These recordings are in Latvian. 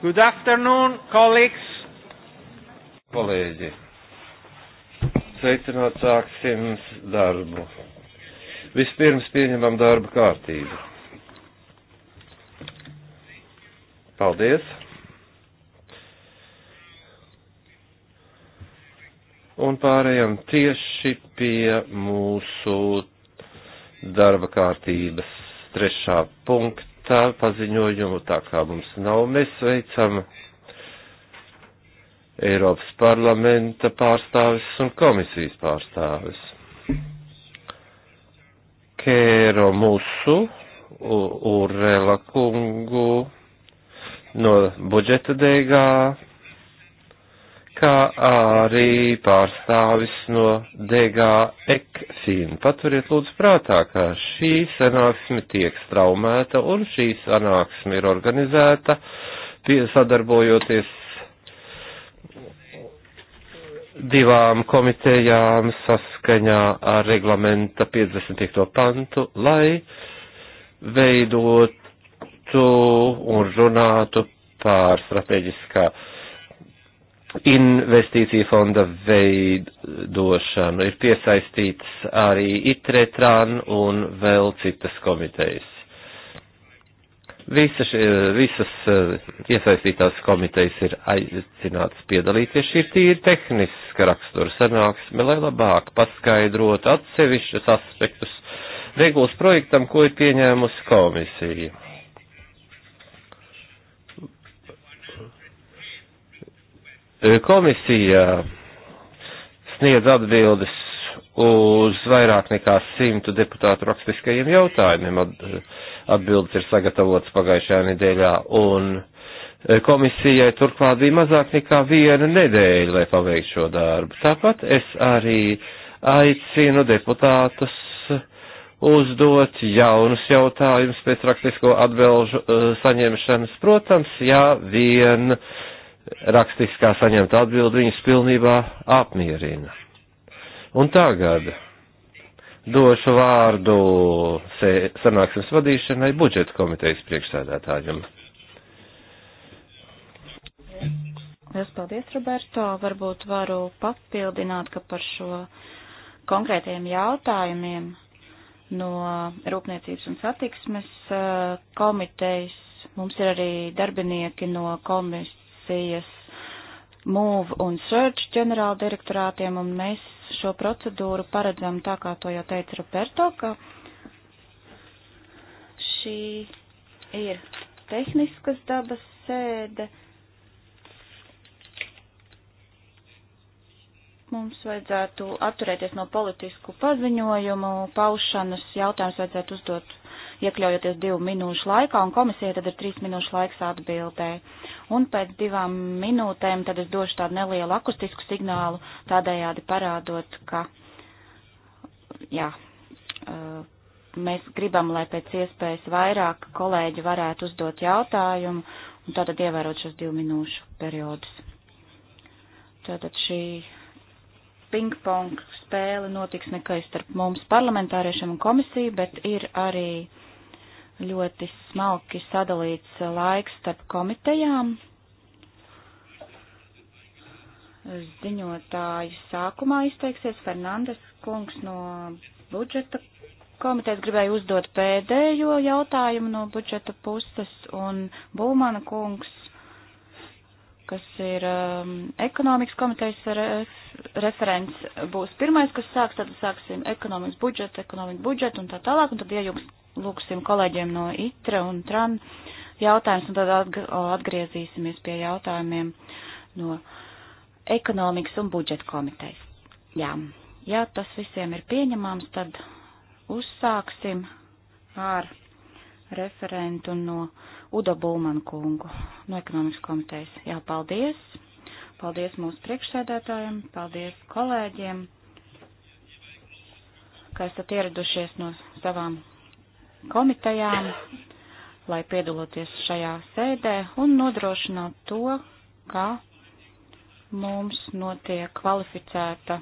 Good afternoon, colleagues. Kolēģi, sveicināt sāksim darbu. Vispirms pieņemam darba kārtību. Paldies. Un pārējām tieši pie mūsu darba kārtības trešā punkta tā paziņojumu, tā kā mums nav. Mēs veicam Eiropas parlamenta pārstāvis un komisijas pārstāvis. Kēro Musu, Urela Kungu no budžeta dēgā kā arī pārstāvis no Degā Ekfīna. Paturiet lūdzu prātā, ka šī sanāksme tiek straumēta un šī sanāksme ir organizēta sadarbojoties divām komitejām saskaņā ar reglamenta 55. pantu, lai veidotu un runātu pār strateģiskā uh, investīcija fonda veidošanu. Ir piesaistīts arī ITRETRAN un vēl citas komitejas. Visa še, visas eh, iesaistītās komitejas ir aicināts piedalīties. Šī ir tīri tehniska rakstura sanāksme, lai labāk paskaidrotu atsevišķus aspektus regulas projektam, ko ir pieņēmusi komisija Eh, komisija sniedz atbildes uz vairāk nekā simtu deputātu rakstiskajiem jautājumiem. Eh, atbildes ir sagatavotas pagājušajā nedēļā, un eh, komisijai turklāt bija mazāk nekā viena nedēļa, lai paveiktu šo darbu. Tāpat es arī aicinu deputātus uzdot jaunus jautājumus pēc rakstisko atbilžu saņemšanas. Protams, jā, vien uh, rakstiskā saņemta atbildi viņus pilnībā apmierina. Un tagad došu vārdu sanāksmes vadīšanai budžeta komitejas priekšsēdētājiem. Lielas paldies, Roberto. Varbūt varu papildināt, ka par šo konkrētajiem jautājumiem no Rūpniecības un satiksmes eh, komitejas mums ir arī darbinieki no komis, komisijas MOVE un SEARCH ģenerāla direktorātiem, un mēs šo procedūru paredzam tā, kā to jau teica Roberto, ka šī ir tehniskas dabas sēde. Mums vajadzētu atturēties no politisku paziņojumu paušanas. Jautājums vajadzētu uzdot iekļaujoties divu minūšu laikā, un komisija tad ir trīs minūšu laiks atbildē. Un pēc divām minūtēm tad es došu tādu nelielu akustisku signālu, tādējādi parādot, ka, jā, mēs gribam, lai pēc iespējas vairāk kolēģi varētu uzdot jautājumu, un tātad ievērot šos divu minūšu periodus. Tātad šī ping-pong spēle notiks nekai starp mums parlamentāriešiem un komisiju, bet ir arī ļoti smalki sadalīts laiks starp komitejām. Ziņotāju sākumā izteiksies Fernandes kungs no budžeta komitejas. Gribēju uzdot pēdējo jautājumu no budžeta puses un Būmana kungs, kas ir um, ekonomikas komitejas ref, referents, būs pirmais, kas sāks. Tad sāksim ekonomikas budžetu, ekonomiku budžetu un tā tālāk. Un tad, ja jums lūksim kolēģiem no ITRA un TRAN jautājums, un tad atgriezīsimies pie jautājumiem no ekonomikas un budžeta komitejas. Jā, ja tas visiem ir pieņemams, tad uzsāksim ar referentu no Udo Bulmanu kungu no ekonomikas komitejas. Jā, paldies! Paldies mūsu priekšsēdētājiem, paldies kolēģiem, ka esat ieradušies no savām komitejām, lai piedaloties šajā sēdē un nodrošināt to, ka mums notiek kvalificēta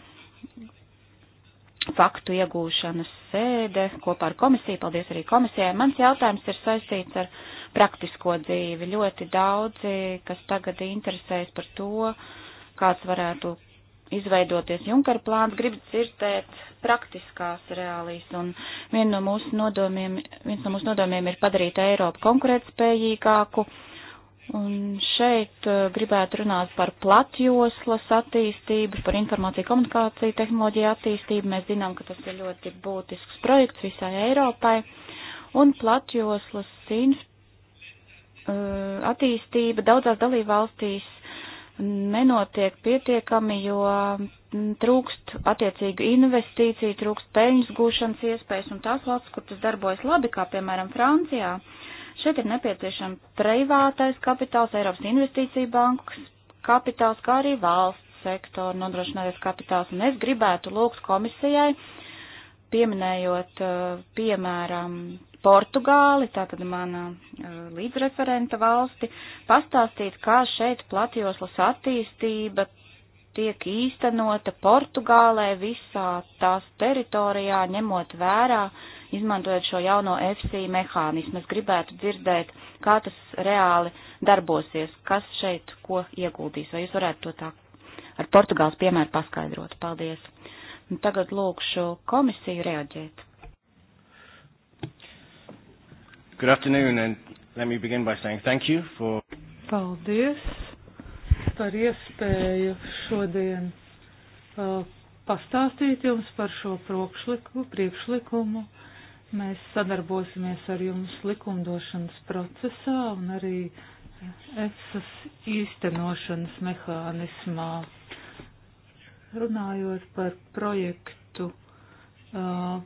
faktu iegūšanas sēde kopā ar komisiju. Paldies arī komisijai. Mans jautājums ir saistīts ar praktisko dzīvi. Ļoti daudzi, kas tagad interesēs par to, kāds varētu izveidoties Junkara plāns, grib dzirdēt praktiskās reālīs, un viens no mūsu nodomiem, viens no mūsu nodomiem ir padarīt Eiropu konkurētspējīgāku, un šeit uh, gribētu runāt par platjoslas attīstību, par informāciju komunikāciju tehnoloģiju attīstību, mēs zinām, ka tas ir ļoti būtisks projekts visai Eiropai, un platjoslas cīņas uh, attīstība daudzās dalībvalstīs nenotiek pietiekami, jo trūkst attiecīgu investīciju, trūkst peļņas gūšanas iespējas, un tās valsts, kur tas darbojas labi, kā piemēram Francijā, šeit ir nepieciešama privātais kapitāls, Eiropas investīcija bankas kapitāls, kā arī valsts sektora nodrošinātais kapitāls, un es gribētu lūgt komisijai, pieminējot, uh, piemēram, Portugāli, tātad mana eh, līdzreferenta valsti, pastāstīt, kā šeit platjoslas attīstība tiek īstenota Portugālē visā tās teritorijā, ņemot vērā, izmantojot šo jauno FC mehānismu. Es gribētu dzirdēt, kā tas reāli darbosies, kas šeit ko ieguldīs. Vai jūs varētu to tā ar Portugāles piemēru paskaidrot? Paldies! Un tagad lūkšu komisiju reaģēt. Good afternoon, and let me begin by saying thank you for. Paldies par iespēju šodien uh, pastāstīt jums par šo priekšlikumu. Mēs sadarbosimies ar jums likumdošanas procesā un arī EFSAS īstenošanas mehānismā. Runājot par projektu. Uh,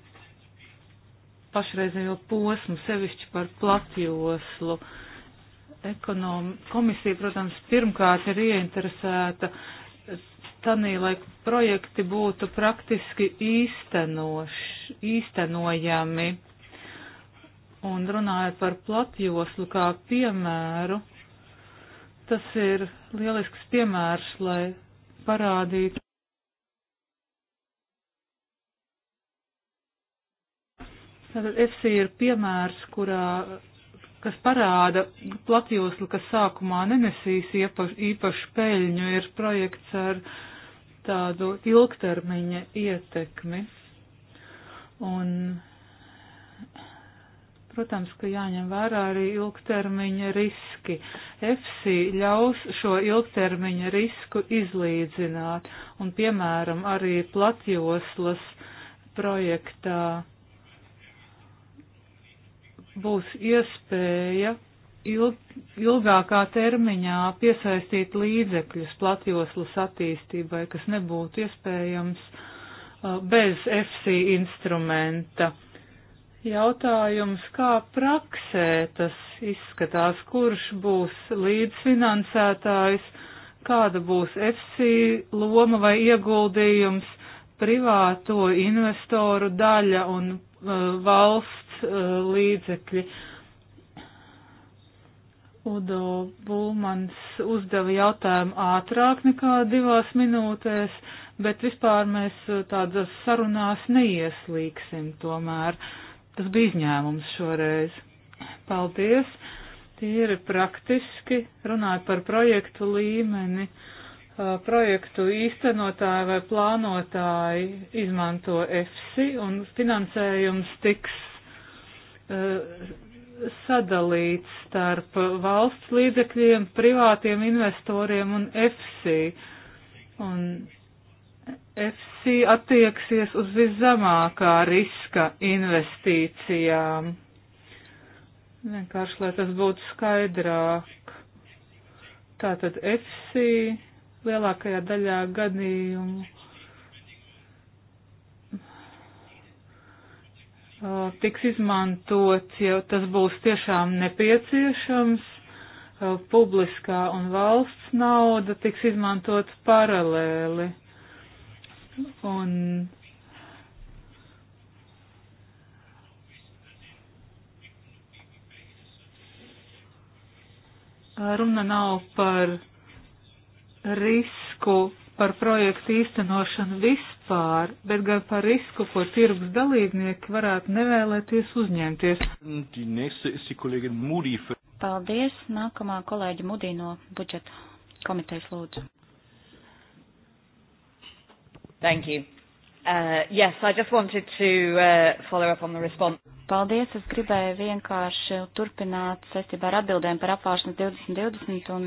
pašreizējo posmu, sevišķi par platjoslu. Ekonom, komisija, protams, pirmkārt ir ieinteresēta tanī, lai projekti būtu praktiski īstenoš, īstenojami. Un runājot par platjoslu kā piemēru, tas ir lielisks piemērs, lai parādītu, Tātad FC ir piemērs, kurā, kas parāda platjoslu, kas sākumā nenesīs iepaš, īpašu peļņu, ir projekts ar tādu ilgtermiņa ietekmi. Un, protams, ka jāņem vērā arī ilgtermiņa riski. FC ļaus šo ilgtermiņa risku izlīdzināt, un, piemēram, arī platjoslas projektā būs iespēja ilg, ilgākā termiņā piesaistīt līdzekļus platjoslas attīstībai, kas nebūtu iespējams uh, bez FC instrumenta. Jautājums, kā praksē tas izskatās, kurš būs līdzfinansētājs, kāda būs FC loma vai ieguldījums, privāto investoru daļa un valsts līdzekļi. Udo Bulmans uzdeva jautājumu ātrāk nekā divās minūtēs, bet vispār mēs tādas sarunās neieslīgsim tomēr. Tas bija izņēmums šoreiz. Paldies! Tie ir praktiski, runāja par projektu līmeni. Uh, Uh, projektu īstenotāji vai plānotāji izmanto EFSI un finansējums tiks uh, sadalīts starp valsts līdzekļiem, privātiem investoriem un EFSI. Un EFSI attieksies uz viszemākā riska investīcijām. Vienkārši, lai tas būtu skaidrāk. Tātad EFSI lielākajā daļā gadījumu tiks izmantots, ja tas būs tiešām nepieciešams, publiskā un valsts nauda tiks izmantot paralēli. Un runa nav par risku par projektu īstenošanu vispār, bet gan par risku, ko tirgus dalībnieki varētu nevēlēties uzņemties. Paldies. Nākamā kolēģa Mudī no budžeta komitejas lūdzu. Thank you. Uh, yes, I just wanted to uh, follow up on the response. Paldies, es gribēju vienkārši turpināt saistībā ar atbildēm par apvāršanas 2020 un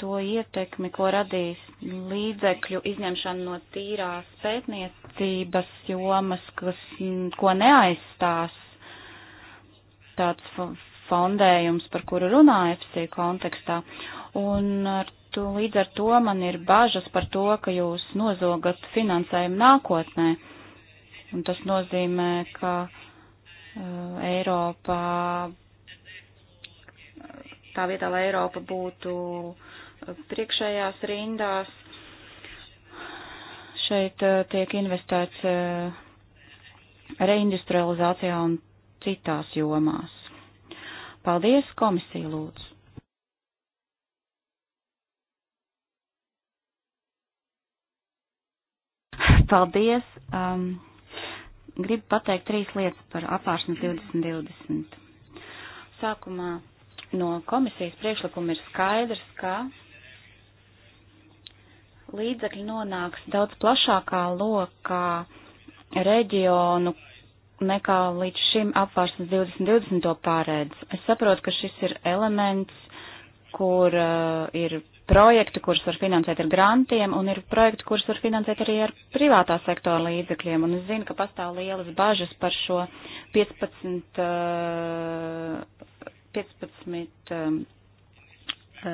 to ietekmi, ko radīs līdzekļu izņemšana no tīrās pētniecības jomas, kas, mm, ko neaizstās tāds fondējums, par kuru runā FC kontekstā. Un ar to, līdz ar to man ir bažas par to, ka jūs nozogat finansējumu nākotnē. Un tas nozīmē, ka uh, Eiropā, uh, tā vietā, lai Eiropa būtu uh, priekšējās rindās. Šeit eh, tiek investēts eh, reindustrializācijā un citās jomās. Paldies, komisija lūdzu. Paldies. Um, gribu pateikt trīs lietas par apvāršanas 2020. Sākumā no komisijas priekšlikuma ir skaidrs, ka līdzekļi nonāks daudz plašākā lokā reģionu nekā līdz šim apvārsnes 2020 to pārēdz. Es saprotu, ka šis ir elements, kur uh, ir projekti, kurus var finansēt ar grantiem, un ir projekti, kurus var finansēt arī ar privātā sektora līdzekļiem. Un es zinu, ka pastāv lielas bažas par šo 15, uh, 15 um, uh,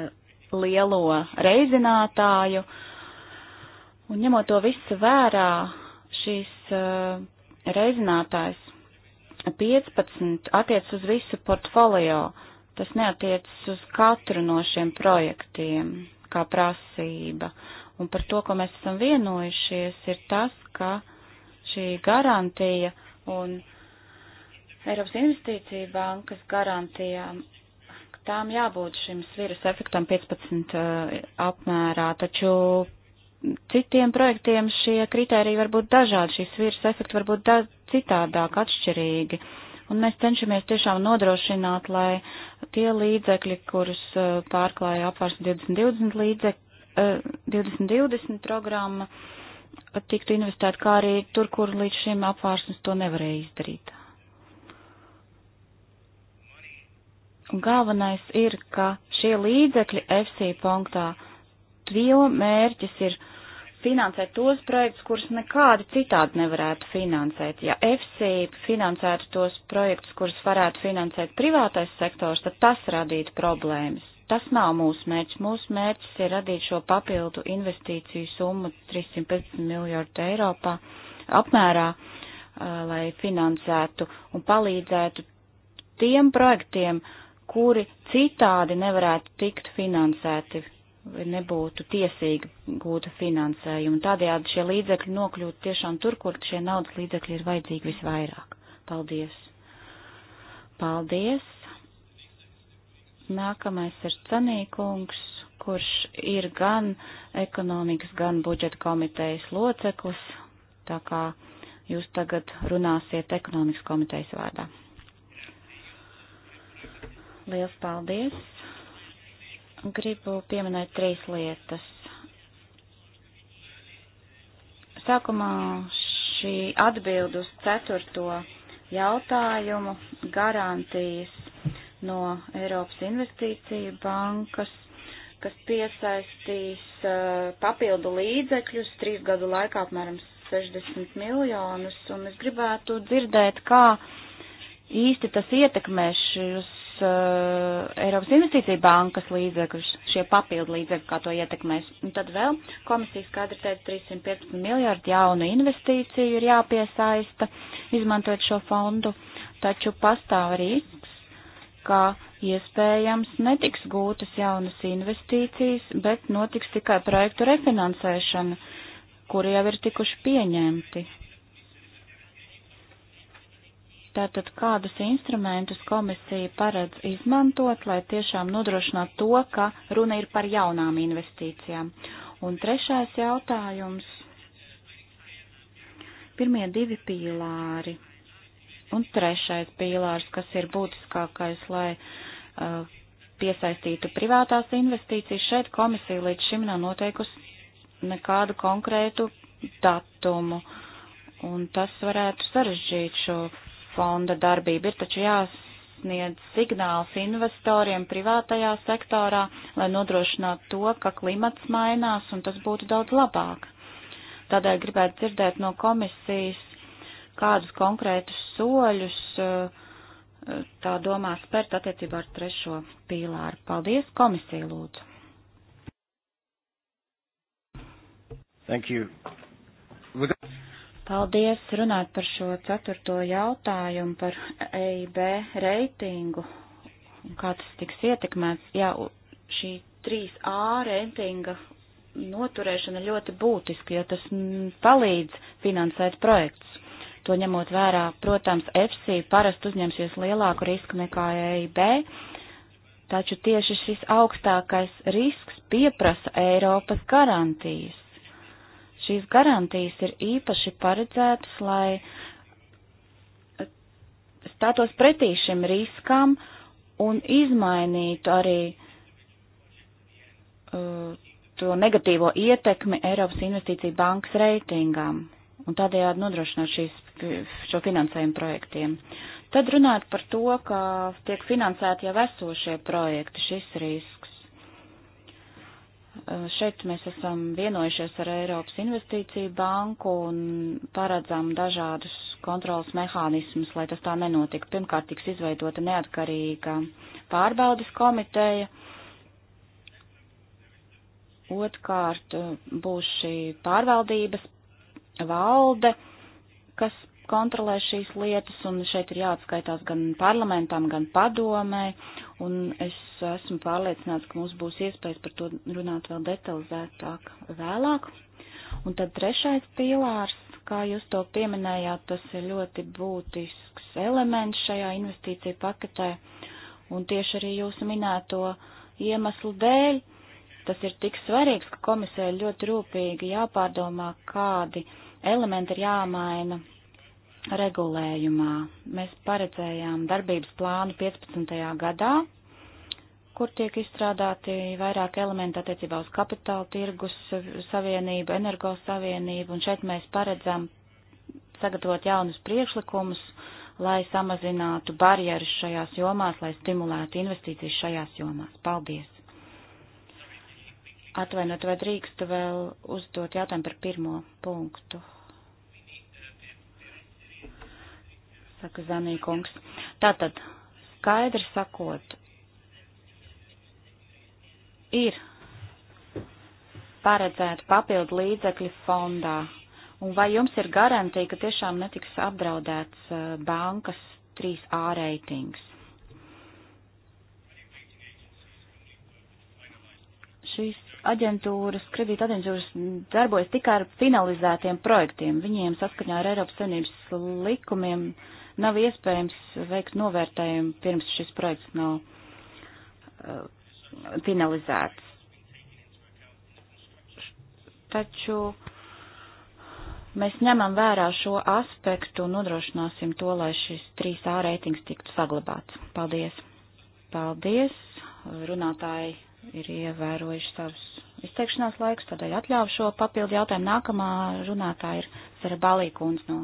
lielo reizinātāju. Uh, Un ņemot to visu vērā, šīs uh, reizinātājs 15 attiec uz visu portfolio. Tas neatiec uz katru no šiem projektiem kā prasība. Un par to, ko mēs esam vienojušies, ir tas, ka šī garantija un Eiropas investīcija bankas garantijām, tām jābūt šim sviras efektam 15 uh, eh, apmērā, taču citiem projektiem šie kriteriji var būt dažādi, šīs virs efekti var būt citādāk, atšķirīgi. Un mēs cenšamies tiešām nodrošināt, lai tie līdzekļi, kurus eh, pārklāja apvārs 2020 līdzekļi, 2020 programma, tiktu investēta, kā arī tur, kur līdz šim apvārsnes to nevarēja izdarīt. Un galvenais ir, ka šie līdzekļi FC punktā, to mērķis ir finansēt tos projektus, kurus nekādi citādi nevarētu finansēt. Ja EFSI finansētu tos projektus, kurus varētu finansēt privātais sektors, tad tas radītu problēmas. Tas nav mūsu mērķis. Mūsu mērķis ir radīt šo papildu investīciju summu 315 miljardu Eiropā apmērā, lai finansētu un palīdzētu tiem projektiem, kuri citādi nevarētu tikt finansēti nebūtu tiesīgi gūta finansējuma. Tādējādi šie līdzekļi nokļūtu tiešām tur, kur šie naudas līdzekļi ir vajadzīgi visvairāk. Paldies! Paldies! Nākamais ir Canīkungs, kurš ir gan ekonomikas, gan budžeta komitejas loceklis, tā kā jūs tagad runāsiet ekonomikas komitejas vārdā. Liels paldies! Gribu pieminēt trīs lietas. Sākumā šī atbild uz ceturto jautājumu garantijas no Eiropas investīciju bankas, kas piesaistīs uh, papildu līdzekļus trīs gadu laikā apmēram 60 miljonus, un es gribētu dzirdēt, kā īsti tas ietekmēs šīs uh, Eiropas investīcija bankas līdzekļus, šie papildu līdzekļi, kā to ietekmēs. Un tad vēl komisijas kadri teica 315 miljārdu jaunu investīciju ir jāpiesaista, izmantojot šo fondu, taču pastāv risks, ka iespējams netiks gūtas jaunas investīcijas, bet notiks tikai projektu refinansēšana, kuri jau ir tikuši pieņemti. Tātad kādus instrumentus komisija paredz izmantot, lai tiešām nodrošinātu to, ka runa ir par jaunām investīcijām. Un trešais jautājums. Pirmie divi pīlāri. Un trešais pīlārs, kas ir būtiskākais, lai uh, piesaistītu privātās investīcijas. Šeit komisija līdz šim nav noteikusi nekādu konkrētu datumu. Un tas varētu sarežģīt šo fonda darbību. Ir taču jāsniedz signāls investoriem privātajā sektorā, lai nodrošinātu to, ka klimats mainās un tas būtu daudz labāk. Tādēļ gribētu dzirdēt no komisijas, kādus konkrētus soļus eh, tā domā spērt attiecībā ar trešo pīlāru. Paldies, komisija lūdzu. Thank you. Paldies runāt par šo ceturto jautājumu par EIB reitingu un kā tas tiks ietekmēts. Jā, šī 3A reitinga noturēšana ļoti būtiska, jo tas palīdz finansēt projekts. To ņemot vērā, protams, FC parasti uzņemsies lielāku risku nekā EIB, taču tieši šis augstākais risks pieprasa Eiropas garantijas. Šīs garantijas ir īpaši paredzētas, lai stātos pretī šim riskam un izmainītu arī uh, to negatīvo ietekmi Eiropas investīcija bankas reitingām un tādējādi nodrošināt šīs, šo finansējumu projektiem. Tad runāt par to, ka tiek finansēti jau esošie projekti, šis risks Eh, šeit mēs esam vienojušies ar Eiropas investīciju banku un paredzam dažādus kontrolas mehānismus, lai tas tā nenotika. Pirmkārt, tiks izveidota neatkarīga pārbaudas komiteja. Otkārt, eh, būs šī pārvaldības valde, kas kontrolē šīs lietas, un šeit ir jāatskaitās gan parlamentam, gan padomē, un es esmu pārliecināts, ka mums būs iespējas par to runāt vēl detalizētāk vēlāk. Un tad trešais pīlārs, kā jūs to pieminējāt, tas ir ļoti būtisks elements šajā investīcija paketē, un tieši arī jūsu minēto iemeslu dēļ tas ir tik svarīgs, ka komisija ļoti rūpīgi jāpārdomā, kādi elementi ir jāmaina regulējumā. Mēs paredzējām darbības plānu 15. gadā, kur tiek izstrādāti vairāk elementi attiecībā uz kapitāla tirgus savienību, energosavienību, un šeit mēs paredzam sagatavot jaunus priekšlikumus, lai samazinātu barjeras šajās jomās, lai stimulētu investīcijas šajās jomās. Paldies! Atvainot, vai drīkstu vēl uzdot jautājumu par pirmo punktu? saka Zanīkungs. Tātad, skaidri sakot, ir paredzēta papildu līdzekļu fondā, un vai jums ir garantija, ka tiešām netiks apdraudēts uh, bankas 3A reitings? Šīs aģentūras, kredīta aģentūras darbojas tikai ar finalizētiem projektiem. Viņiem saskaņā ar Eiropas Savienības likumiem uh, nav iespējams veikt novērtējumu pirms šis projekts nav uh, finalizēts. Taču mēs ņemam vērā šo aspektu un nodrošināsim to, lai šis 3A reitings tiktu saglabāts. Paldies! Paldies! Runātāji ir ievērojuši savus izteikšanās laikus, tādēļ atļāvu šo papildu jautājumu. Nākamā runātāja ir Sara Balīkūns no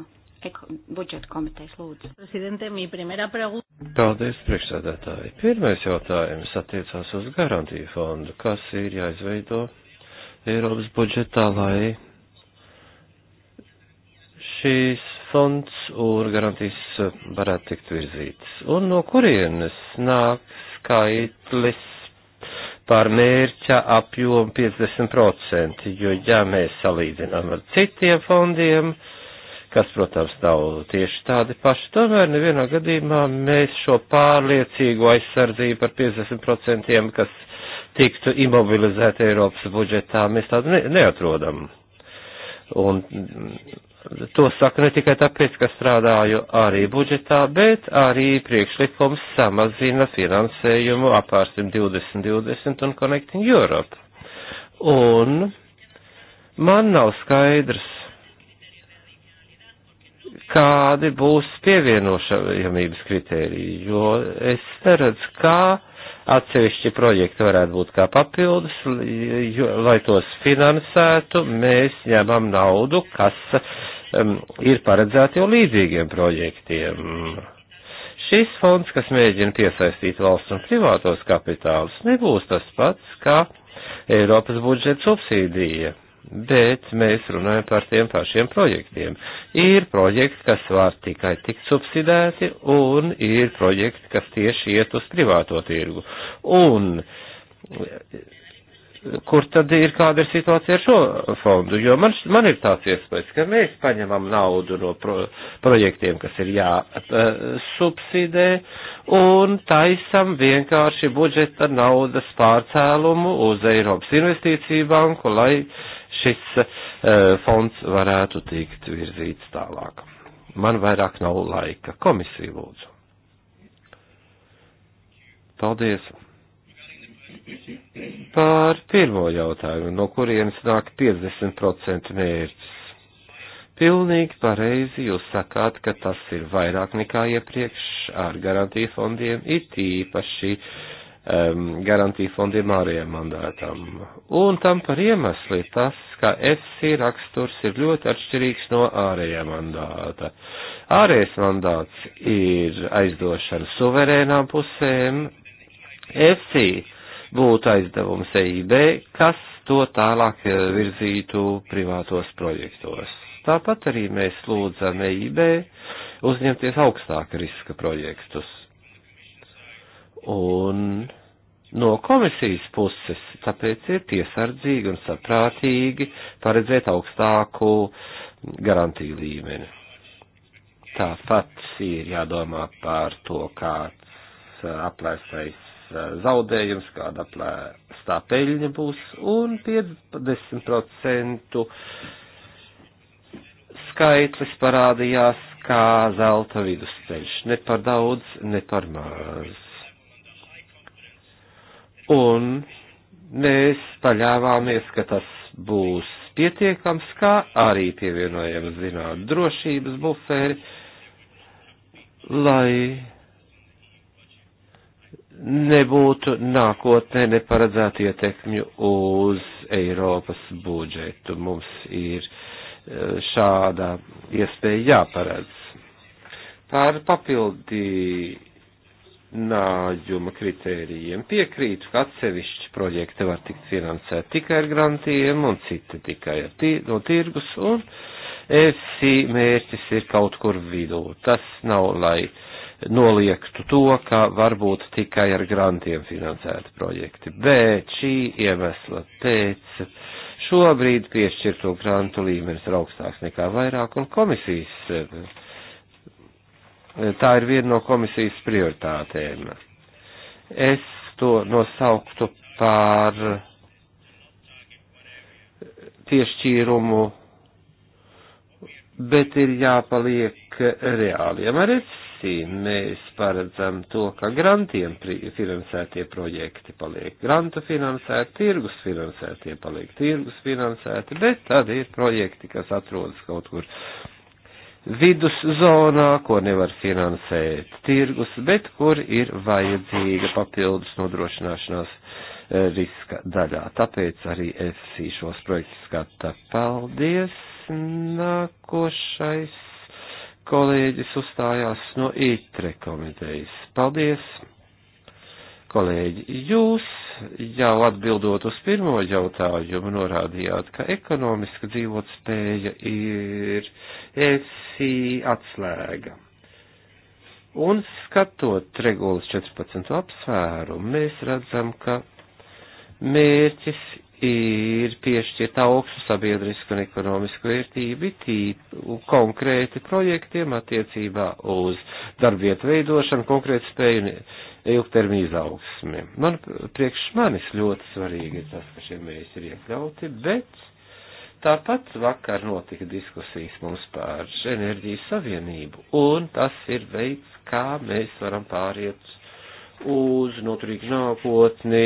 budžeta komitejas lūdzu. Paldies, priekšsēdētāji. Pirmais jautājums attiecās uz garantiju fondu, kas ir jāizveido Eiropas budžetā, lai šīs fonds un garantijas varētu tikt virzītas. Un no kurienes nāk skaitlis par mērķa apjomu 50%, jo ja mēs salīdzinām ar citiem fondiem, uh, kas, protams, nav tieši tādi paši. Tomēr nevienā gadījumā mēs šo pārliecīgo aizsardzību par 50%, kas tiktu imobilizēta Eiropas budžetā, mēs tādu ne neatrodam. Un to saku ne tikai tāpēc, ka strādāju arī budžetā, bet arī priekšlikums samazina finansējumu apārsim 2020 un Connecting Europe. Un man nav skaidrs, kādi būs pievienošamības kritēriji, jo es neredzu, kā atsevišķi projekti varētu būt kā papildus, jo, lai tos finansētu, mēs ņemam naudu, kas um, ir paredzēta jau līdzīgiem projektiem. Šis fonds, kas mēģina piesaistīt valsts un privātos kapitālus, nebūs tas pats kā Eiropas budžeta subsīdija bet mēs runājam par tiem pašiem projektiem. Ir projekti, kas var tikai tikt subsidēti, un ir projekti, kas tieši iet uz privāto tirgu. Un kur tad ir kāda ir situācija ar šo fondu? Jo man, man ir tāds iespējas, ka mēs paņemam naudu no pro, projektiem, kas ir jāsubsidē, e, un taisam vienkārši budžeta naudas pārcēlumu uz Eiropas investīciju banku, lai uh, šis eh, fonds varētu tikt virzīts tālāk. Man vairāk nav laika. Komisija lūdzu. Paldies. Pār pirmo jautājumu, no kurienes nāk 50% mērķis. Pilnīgi pareizi jūs sakāt, ka tas ir vairāk nekā iepriekš ar garantiju fondiem, it īpaši uh, um, garantiju fondiem ārējiem mandātam. Un tam par iemesli tas, ka FC raksturs ir ļoti atšķirīgs no ārējā mandāta. Ārējais mandāts ir aizdošana suverēnām pusēm. FC būtu aizdevums EIB, kas to tālāk eh, virzītu privātos projektos. Tāpat arī mēs lūdzam EIB uzņemties augstāka riska projektus. Un no komisijas puses, tāpēc ir piesardzīgi un saprātīgi paredzēt augstāku garantiju līmeni. Tāpat ir jādomā par to, kāds uh, aplēstais uh, zaudējums, kāda aplēstā peļņa būs, un 50% skaitlis parādījās kā zelta vidusceļš, ne par daudz, ne par maz un mēs paļāvāmies, ka tas būs pietiekams, kā arī pievienojam zināt drošības buferi, lai nebūtu nākotnē neparedzētu ietekmju uz Eiropas budžetu. Mums ir eh, šāda iespēja jāparedz. Par papildi nājuma kritērijiem. Piekrītu, ka atsevišķi projekti var tikt finansēt tikai ar grantiem un citi tikai ar tī, no tirgus, un EFSI mērķis ir kaut kur vidū. Tas nav, lai noliektu to, ka varbūt tikai ar grantiem finansēti projekti, bet šī iemesla pēc šobrīd piešķirto grantu līmenis ir augstāks nekā vairāk, un komisijas Tā ir viena no komisijas prioritātēm. Es to nosauktu par piešķīrumu, bet ir jāpaliek reāliem. Ar EFSI mēs paredzam to, ka grantiem finansētie projekti paliek grantu finansēti, tirgus finansētie paliek tirgus finansēti, bet tad ir projekti, kas atrodas kaut kur viduszonā, ko nevar finansēt tirgus, bet kur ir vajadzīga papildus nodrošināšanās eh, riska daļā. Tāpēc arī es šos projektus skatu. Paldies! Nākošais kolēģis uzstājās no ITRE komitejas. Paldies! kolēģi, jūs jau atbildot uz pirmo jautājumu norādījāt, ka ekonomiska dzīvotspēja ir ESI atslēga. Un skatot regulas 14 apsvērumu, mēs redzam, ka mērķis ir piešķirt augstu sabiedrisku un ekonomisku vērtību tīpu konkrēti projektiem attiecībā uz darbvietu veidošanu, konkrētu spēju un ilgtermiņa izaugsmi. Man priekš manis ļoti svarīgi ir tas, ka šie mērķi ir iekļauti, bet tāpat vakar notika diskusijas mums par enerģijas savienību, un tas ir veids, kā mēs varam pāriet uz noturīgu nākotni,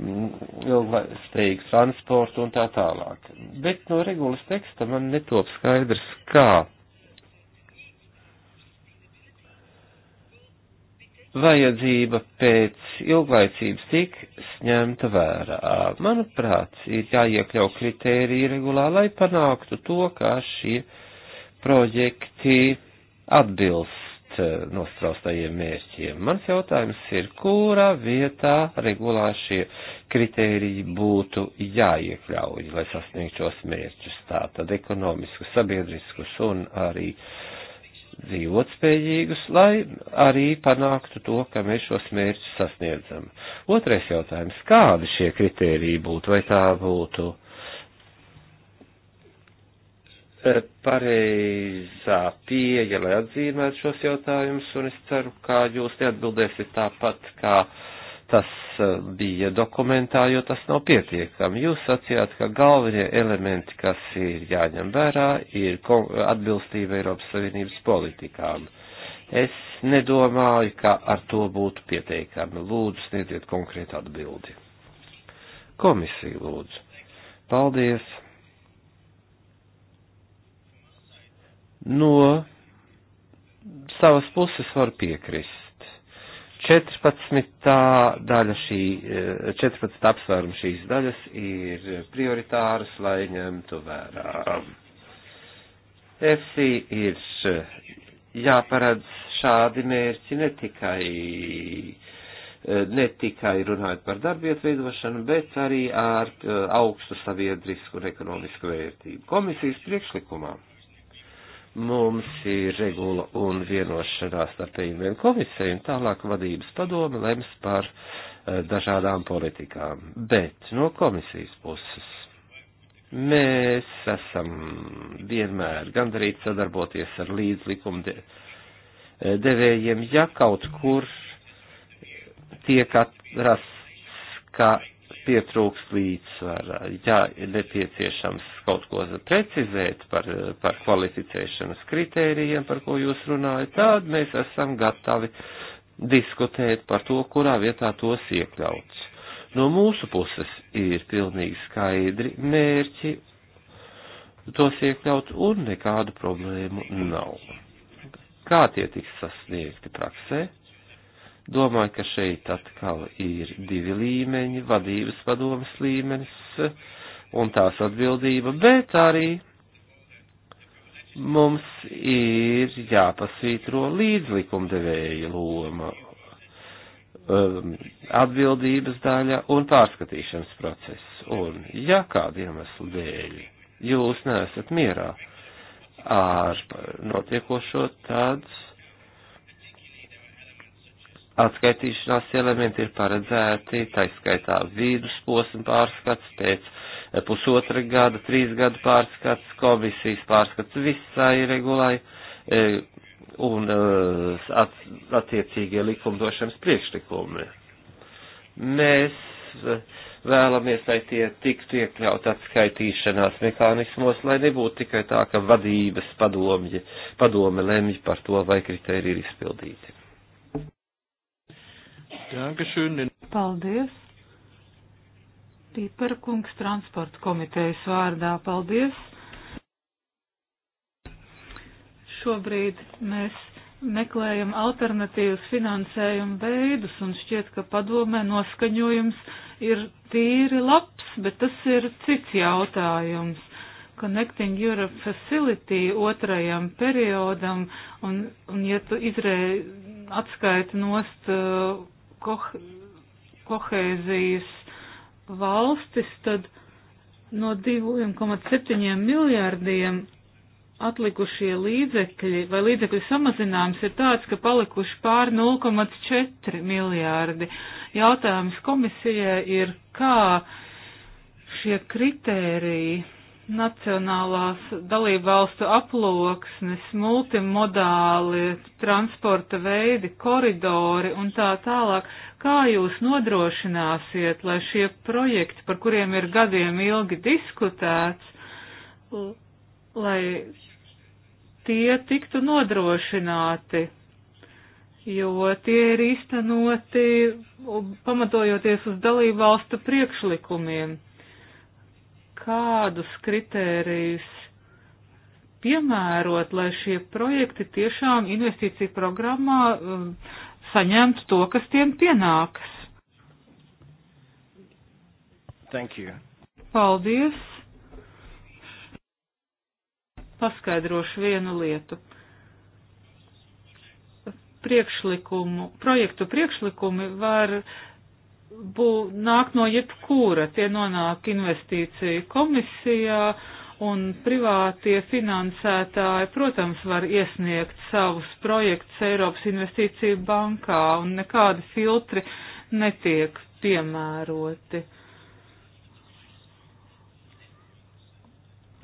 ilgspējīgu mm, transportu un tā tālāk. Bet no regulas teksta man netop skaidrs, kā vajadzība pēc ilglaicības tik ņemta vērā. Manuprāt, ir jāiekļau kritērija regulā, lai panāktu to, kā šie projekti atbilst eh, nostraustajiem mērķiem. Mans jautājums ir, kurā vietā regulā šie kritēriji būtu jāiekļauj, lai sasniegtu šos mērķus, tātad ekonomiskus, sabiedriskus un arī uh, dzīvotspējīgus, lai arī panāktu to, ka mēs šos mērķus sasniedzam. Otrais jautājums - kādi šie kritēriji būtu, vai tā būtu eh, pareizā pieeja, lai atzīmētu šos jautājumus, un es ceru, ka jūs neatbildēsiet tāpat, kā. Ka tas eh, bija dokumentā, jo tas nav pietiekami. Jūs sacījāt, ka galvenie elementi, kas ir jāņem vērā, ir atbilstība Eiropas Savienības politikām. Es nedomāju, ka ar to būtu pieteikami. Lūdzu, sniedziet konkrētu atbildi. Komisija lūdzu. Paldies. No savas puses var piekrist 14. daļa šī, 14. Eh, apsvērums šīs daļas ir prioritāras, lai ņemtu vērā. FC ir jāparedz šādi mērķi ne tikai, eh, ne tikai runājot par darbietu veidošanu, bet arī ar eh, augstu sabiedrisku un ekonomisku vērtību. Komisijas priekšlikumā Mums ir regula un vienošanās starp EIB un komisiju, un tālāk vadības padome lems par eh, dažādām politikām. Bet no komisijas puses mēs esam vienmēr gandarīti sadarboties ar līdzlikumu de, eh, devējiem, ja kaut kur tiek atrasts, ka pietrūks līdzsvara. Ja ir nepieciešams kaut ko precizēt par, par kvalificēšanas kritērijiem, par ko jūs runājat, tad mēs esam gatavi diskutēt par to, kurā vietā tos iekļauts. No mūsu puses ir pilnīgi skaidri mērķi tos iekļaut un nekādu problēmu nav. Kā tie tiks sasniegti praksē? Domāju, ka šeit atkal ir divi līmeņi - vadības padomas līmenis un tās atbildība, bet arī mums ir jāpasvītro līdzlikumdevēja loma, um, atbildības daļa un pārskatīšanas process. Un, ja kādiem iemeslu dēļ jūs neesat mierā ar notiekošo, tad atskaitīšanās elementi ir paredzēti, taiskaitā vidusposma pārskats pēc eh, pusotra gada, trīs gada pārskats, komisijas pārskats visai regulai eh, un eh, at, attiecīgie likumdošanas priekšlikumi. Mēs vēlamies, lai tie tiktu iekļaut atskaitīšanās mehānismos, lai nebūtu tikai tā, ka vadības padomji, padome lemj par to, vai kriteriji ir izpildīti. Paldies. Pīpera kungs transporta komitejas vārdā. Paldies. Šobrīd mēs meklējam alternatīvas finansējuma veidus un šķiet, ka padomē noskaņojums ir tīri labs, bet tas ir cits jautājums. Connecting Europe Facility otrajam periodam un, un ja tu izrē atskaiti nost uh, kohēzijas valstis, tad no 2,7 miljārdiem atlikušie līdzekļi vai līdzekļu samazinājums ir tāds, ka palikuši pār 0,4 miljārdi. Jautājums komisijai ir, kā šie kritēriji nacionālās dalībvalstu aploksnes, multimodāli transporta veidi, koridori un tā tālāk. Kā jūs nodrošināsiet, lai šie projekti, par kuriem ir gadiem ilgi diskutēts, lai tie tiktu nodrošināti, jo tie ir īstenoti pamatojoties uz dalībvalstu priekšlikumiem? kādus kritērijus piemērot, lai šie projekti tiešām investīciju programmā um, saņemtu to, kas tiem pienākas. Thank you. Paldies. Paskaidrošu vienu lietu. Priekšlikumu, projektu priekšlikumi var uh, bū, nāk no jebkura. Tie nonāk investīciju komisijā un privātie finansētāji, protams, var iesniegt savus projektus Eiropas investīciju bankā un nekādi filtri netiek piemēroti.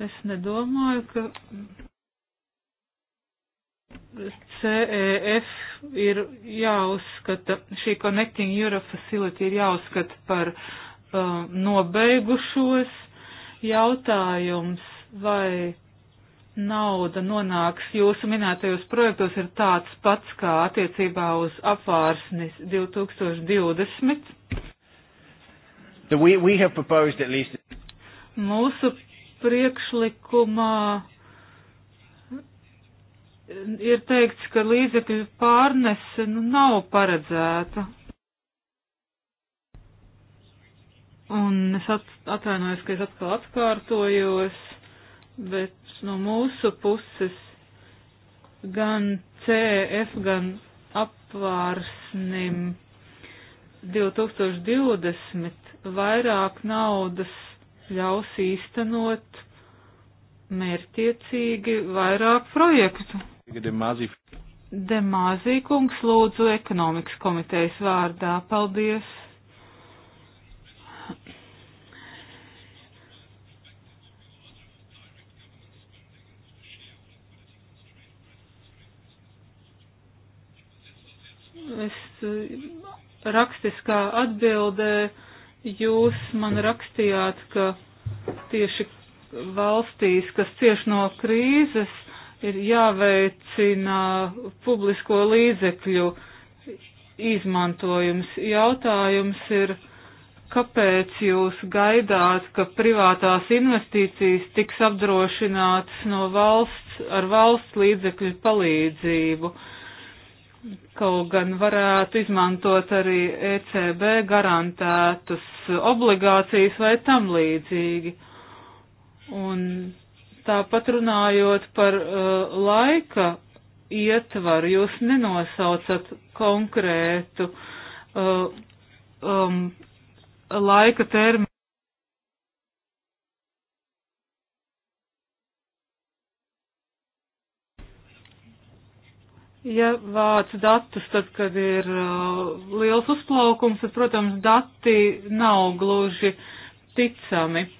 Es nedomāju, ka CEF ir jāuzskata, šī Connecting Europe Facility ir jāuzskata par uh, nobeigušos jautājums, vai nauda nonāks jūsu minētajos projektos ir tāds pats kā attiecībā uz apvārsnis 2020. So we, we least... Mūsu priekšlikumā ir teikts, ka līdzekļu pārnese nu, nav paredzēta. Un es at, atvainojos, ka es atkal atkārtojos, bet no mūsu puses gan CF, gan apvārsnim 2020 vairāk naudas ļaus īstenot mērķiecīgi vairāk projektu. Demāzī kungs lūdzu ekonomikas komitejas vārdā. Paldies! Es uh, rakstiskā atbildē jūs man rakstījāt, ka tieši valstīs, kas cieš no krīzes, ir jāveicina publisko līdzekļu izmantojums. Jautājums ir, kāpēc jūs gaidāt, ka privātās investīcijas tiks apdrošinātas no valsts ar valsts līdzekļu palīdzību? Kaut gan varētu izmantot arī ECB garantētas obligācijas vai tam līdzīgi. Un Tāpat runājot par uh, laika ietvaru, jūs nenosaucat konkrētu uh, um, laika termiņu. Ja vāc datus, tad, kad ir uh, liels uzplaukums, tad, protams, dati nav gluži ticami. Uh,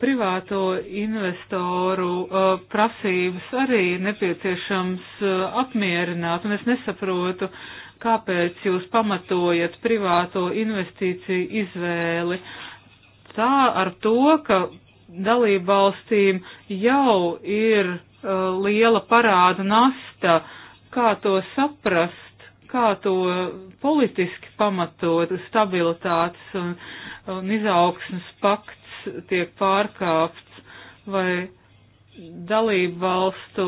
privāto investoru uh, prasības arī nepieciešams uh, apmierināt, un es nesaprotu, kāpēc jūs pamatojat privāto investīciju izvēli. Tā ar to, ka dalību valstīm jau ir uh, liela parāda nasta, kā to saprast, kā to politiski pamatot stabilitātes un, un izaugsmas paktu tiek pārkāpts vai dalību valstu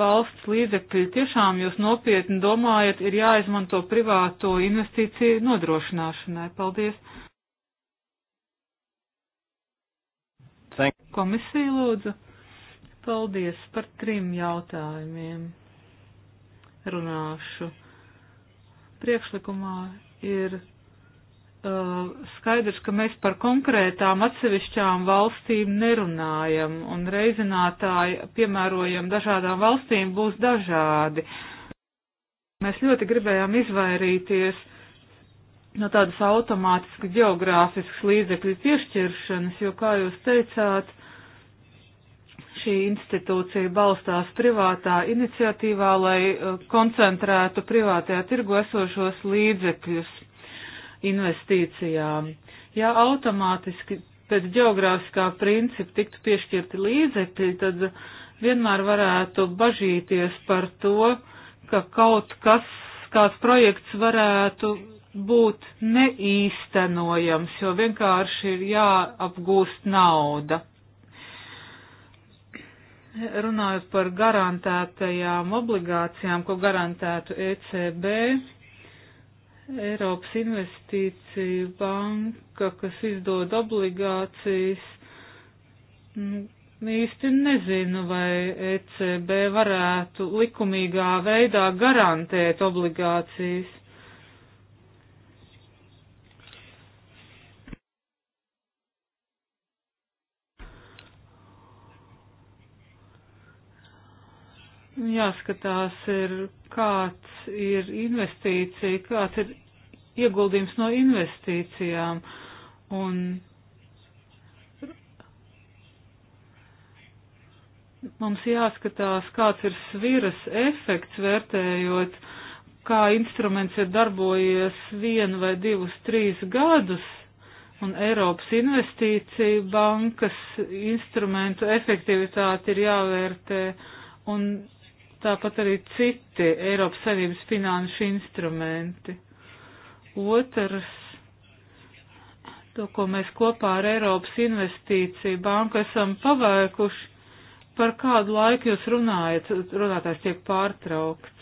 valsts līdzekļi tiešām jūs nopietni domājat ir jāizmanto privāto investīciju nodrošināšanai. Paldies. Komisija lūdzu. Paldies par trim jautājumiem. Runāšu. Priekšlikumā ir Eh, skaidrs, ka mēs par konkrētām atsevišķām valstīm nerunājam, un reizinātāji piemērojam dažādām valstīm būs dažādi. Mēs ļoti gribējām izvairīties no tādas automātiskas geogrāfiskas līdzekļu piešķiršanas, jo, kā jūs teicāt, šī institūcija balstās privātā iniciatīvā, lai eh, koncentrētu privātajā tirgu esošos līdzekļus investīcijām. Ja automātiski pēc geogrāfiskā principa tiktu piešķirti līdzekļi, tad vienmēr varētu bažīties par to, ka kaut kas, kāds projekts varētu būt neīstenojams, jo vienkārši ir jāapgūst nauda. Runājot par garantētajām obligācijām, ko garantētu ECB, Eiropas investīcija banka, kas izdod obligācijas, nu, īsti nezinu, vai ECB varētu likumīgā veidā garantēt obligācijas. jāskatās, ir, kāds ir investīcija, kāds ir ieguldījums no investīcijām. Un mums jāskatās, kāds ir sviras efekts vērtējot, kā instruments ir darbojies vienu vai divus, trīs gadus. Un Eiropas investīcija bankas instrumentu efektivitāti ir jāvērtē un tāpat arī citi Eiropas Savienības finanšu instrumenti. Otrs, to, ko mēs kopā ar Eiropas investīciju banku esam paveikuši, par kādu laiku jūs runājat, runātājs tiek pārtraukts.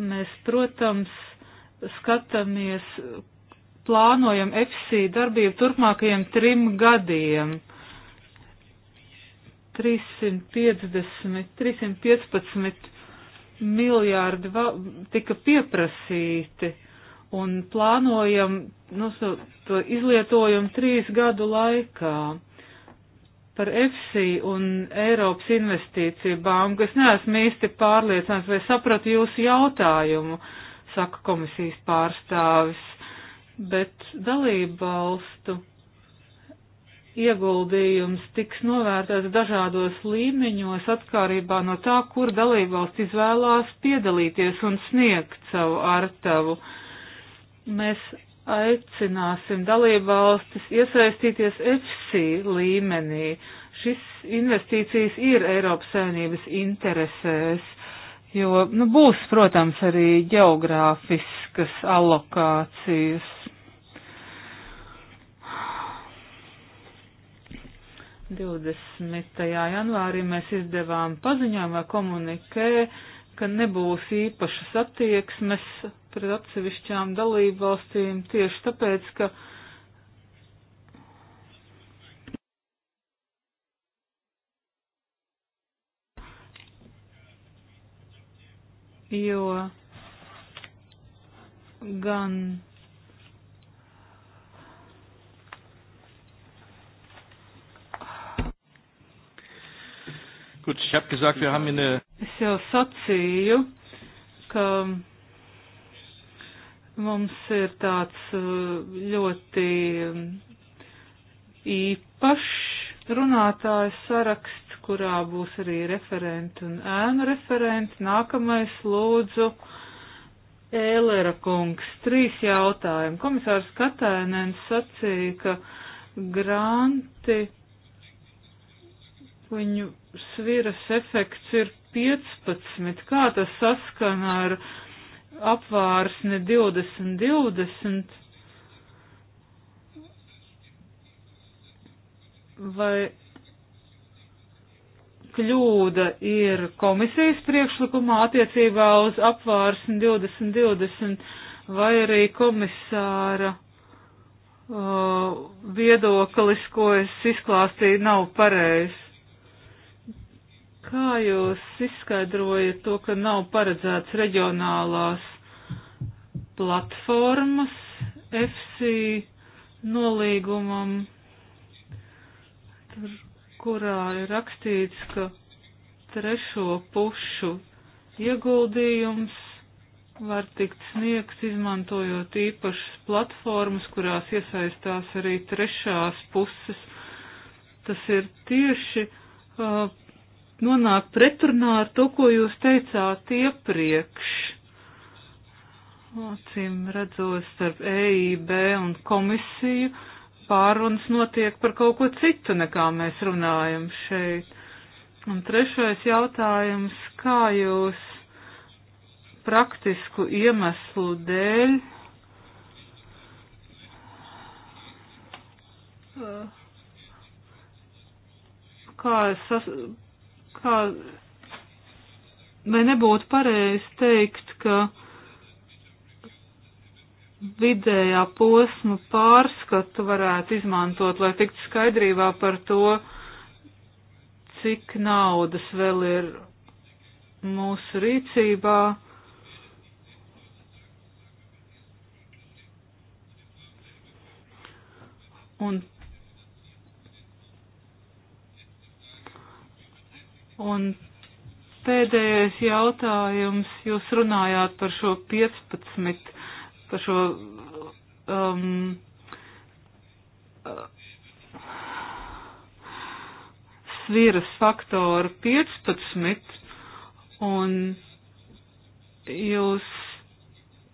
Mēs, protams, skatāmies, plānojam FC darbību turpmākajiem trim gadiem 350, 315 miljārdi tika pieprasīti un plānojam nu, to izlietojumu trīs gadu laikā. Par EFSI un Eiropas investīciju banku es neesmu īsti pārliecināts, vai sapratu jūsu jautājumu, saka komisijas pārstāvis, bet dalību valstu ieguldījums tiks novērtēts dažādos līmeņos atkarībā no tā, kur dalībvalsts izvēlās piedalīties un sniegt savu artavu. Mēs aicināsim dalībvalstis iesaistīties EFSI līmenī. Šis investīcijas ir Eiropas saimnības interesēs, jo nu, būs, protams, arī geogrāfiskas alokācijas. 20. janvārī mēs izdevām paziņojumu vai komunikē, ka nebūs īpašas attieksmes pret atsevišķām dalību valstīm tieši tāpēc, ka jo gan Gut, ich habe gesagt, wir haben eine. Es jau sacīju, ka mums ir tāds uh, ļoti um, īpašs runātājs saraksts, kurā būs arī referenti un ēnu referenti. Nākamais lūdzu Ēlera kungs. Trīs jautājumi. Komisārs Katēnens sacīja, ka granti viņu sviras efekts ir 15. Kā tas saskan ar apvārsni 2020? Vai kļūda ir komisijas priekšlikumā attiecībā uz apvārsni 2020 vai arī komisāra uh, viedoklis, ko es izklāstīju, nav pareizs. Kā jūs izskaidrojat to, ka nav paredzēts reģionālās platformas FC nolīgumam, tur, kurā ir rakstīts, ka trešo pušu ieguldījums var tikt sniegts izmantojot īpašas platformas, kurās iesaistās arī trešās puses. Tas ir tieši uh, nonāk pretrunā ar to, ko jūs teicāt iepriekš. Acīm redzot starp EIB un komisiju pārunas notiek par kaut ko citu, nekā mēs runājam šeit. Un trešais jautājums, kā jūs praktisku iemeslu dēļ uh, kā sas, kā, vai nebūtu pareizi teikt, ka vidējā posma pārskatu varētu izmantot, lai tiktu skaidrībā par to, cik naudas vēl ir mūsu rīcībā. Un Un pēdējais jautājums. Jūs runājāt par šo 15, par šo. Um, sviras faktoru 15, un jūs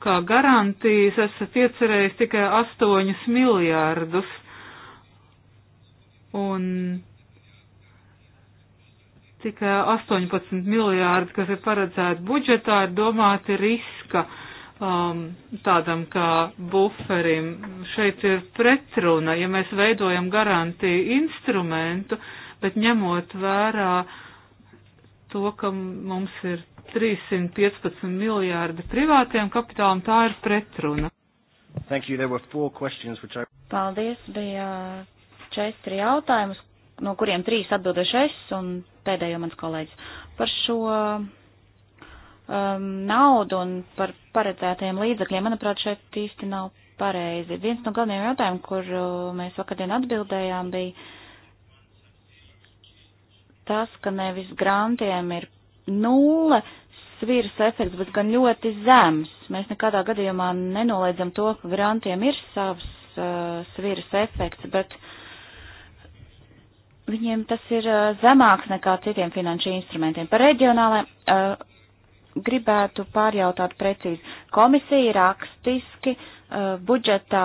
kā garantijas esat iecerējis tikai 8 miljārdus. Un tikai 18 miljārdi, kas ir paredzēti budžetā, ir domāti riska um, tādam kā buferim. Šeit ir pretruna, ja mēs veidojam garantiju instrumentu, bet ņemot vērā to, ka mums ir 315 miljārdi privātiem kapitālam, tā ir pretruna. Thank you. There were four questions which I... Paldies, bija četri jautājumus, no kuriem trīs atbilduši es un pēdējo mans kolēģis. Par šo um, naudu un par paredzētajiem līdzakļiem, manuprāt, šeit īsti nav pareizi. Viens no galvenajiem jautājumiem, kur uh, mēs vakardien atbildējām, bija tas, ka nevis grantiem ir nulle sviras efekts, bet gan ļoti zems. Mēs nekādā gadījumā nenoliedzam to, ka grantiem ir savs uh, sviras efekts, bet uh, viņiem tas ir zemāks nekā citiem finanšu instrumentiem. Par reģionāliem uh, gribētu pārjautāt precīzi. Komisija rakstiski uh, budžetā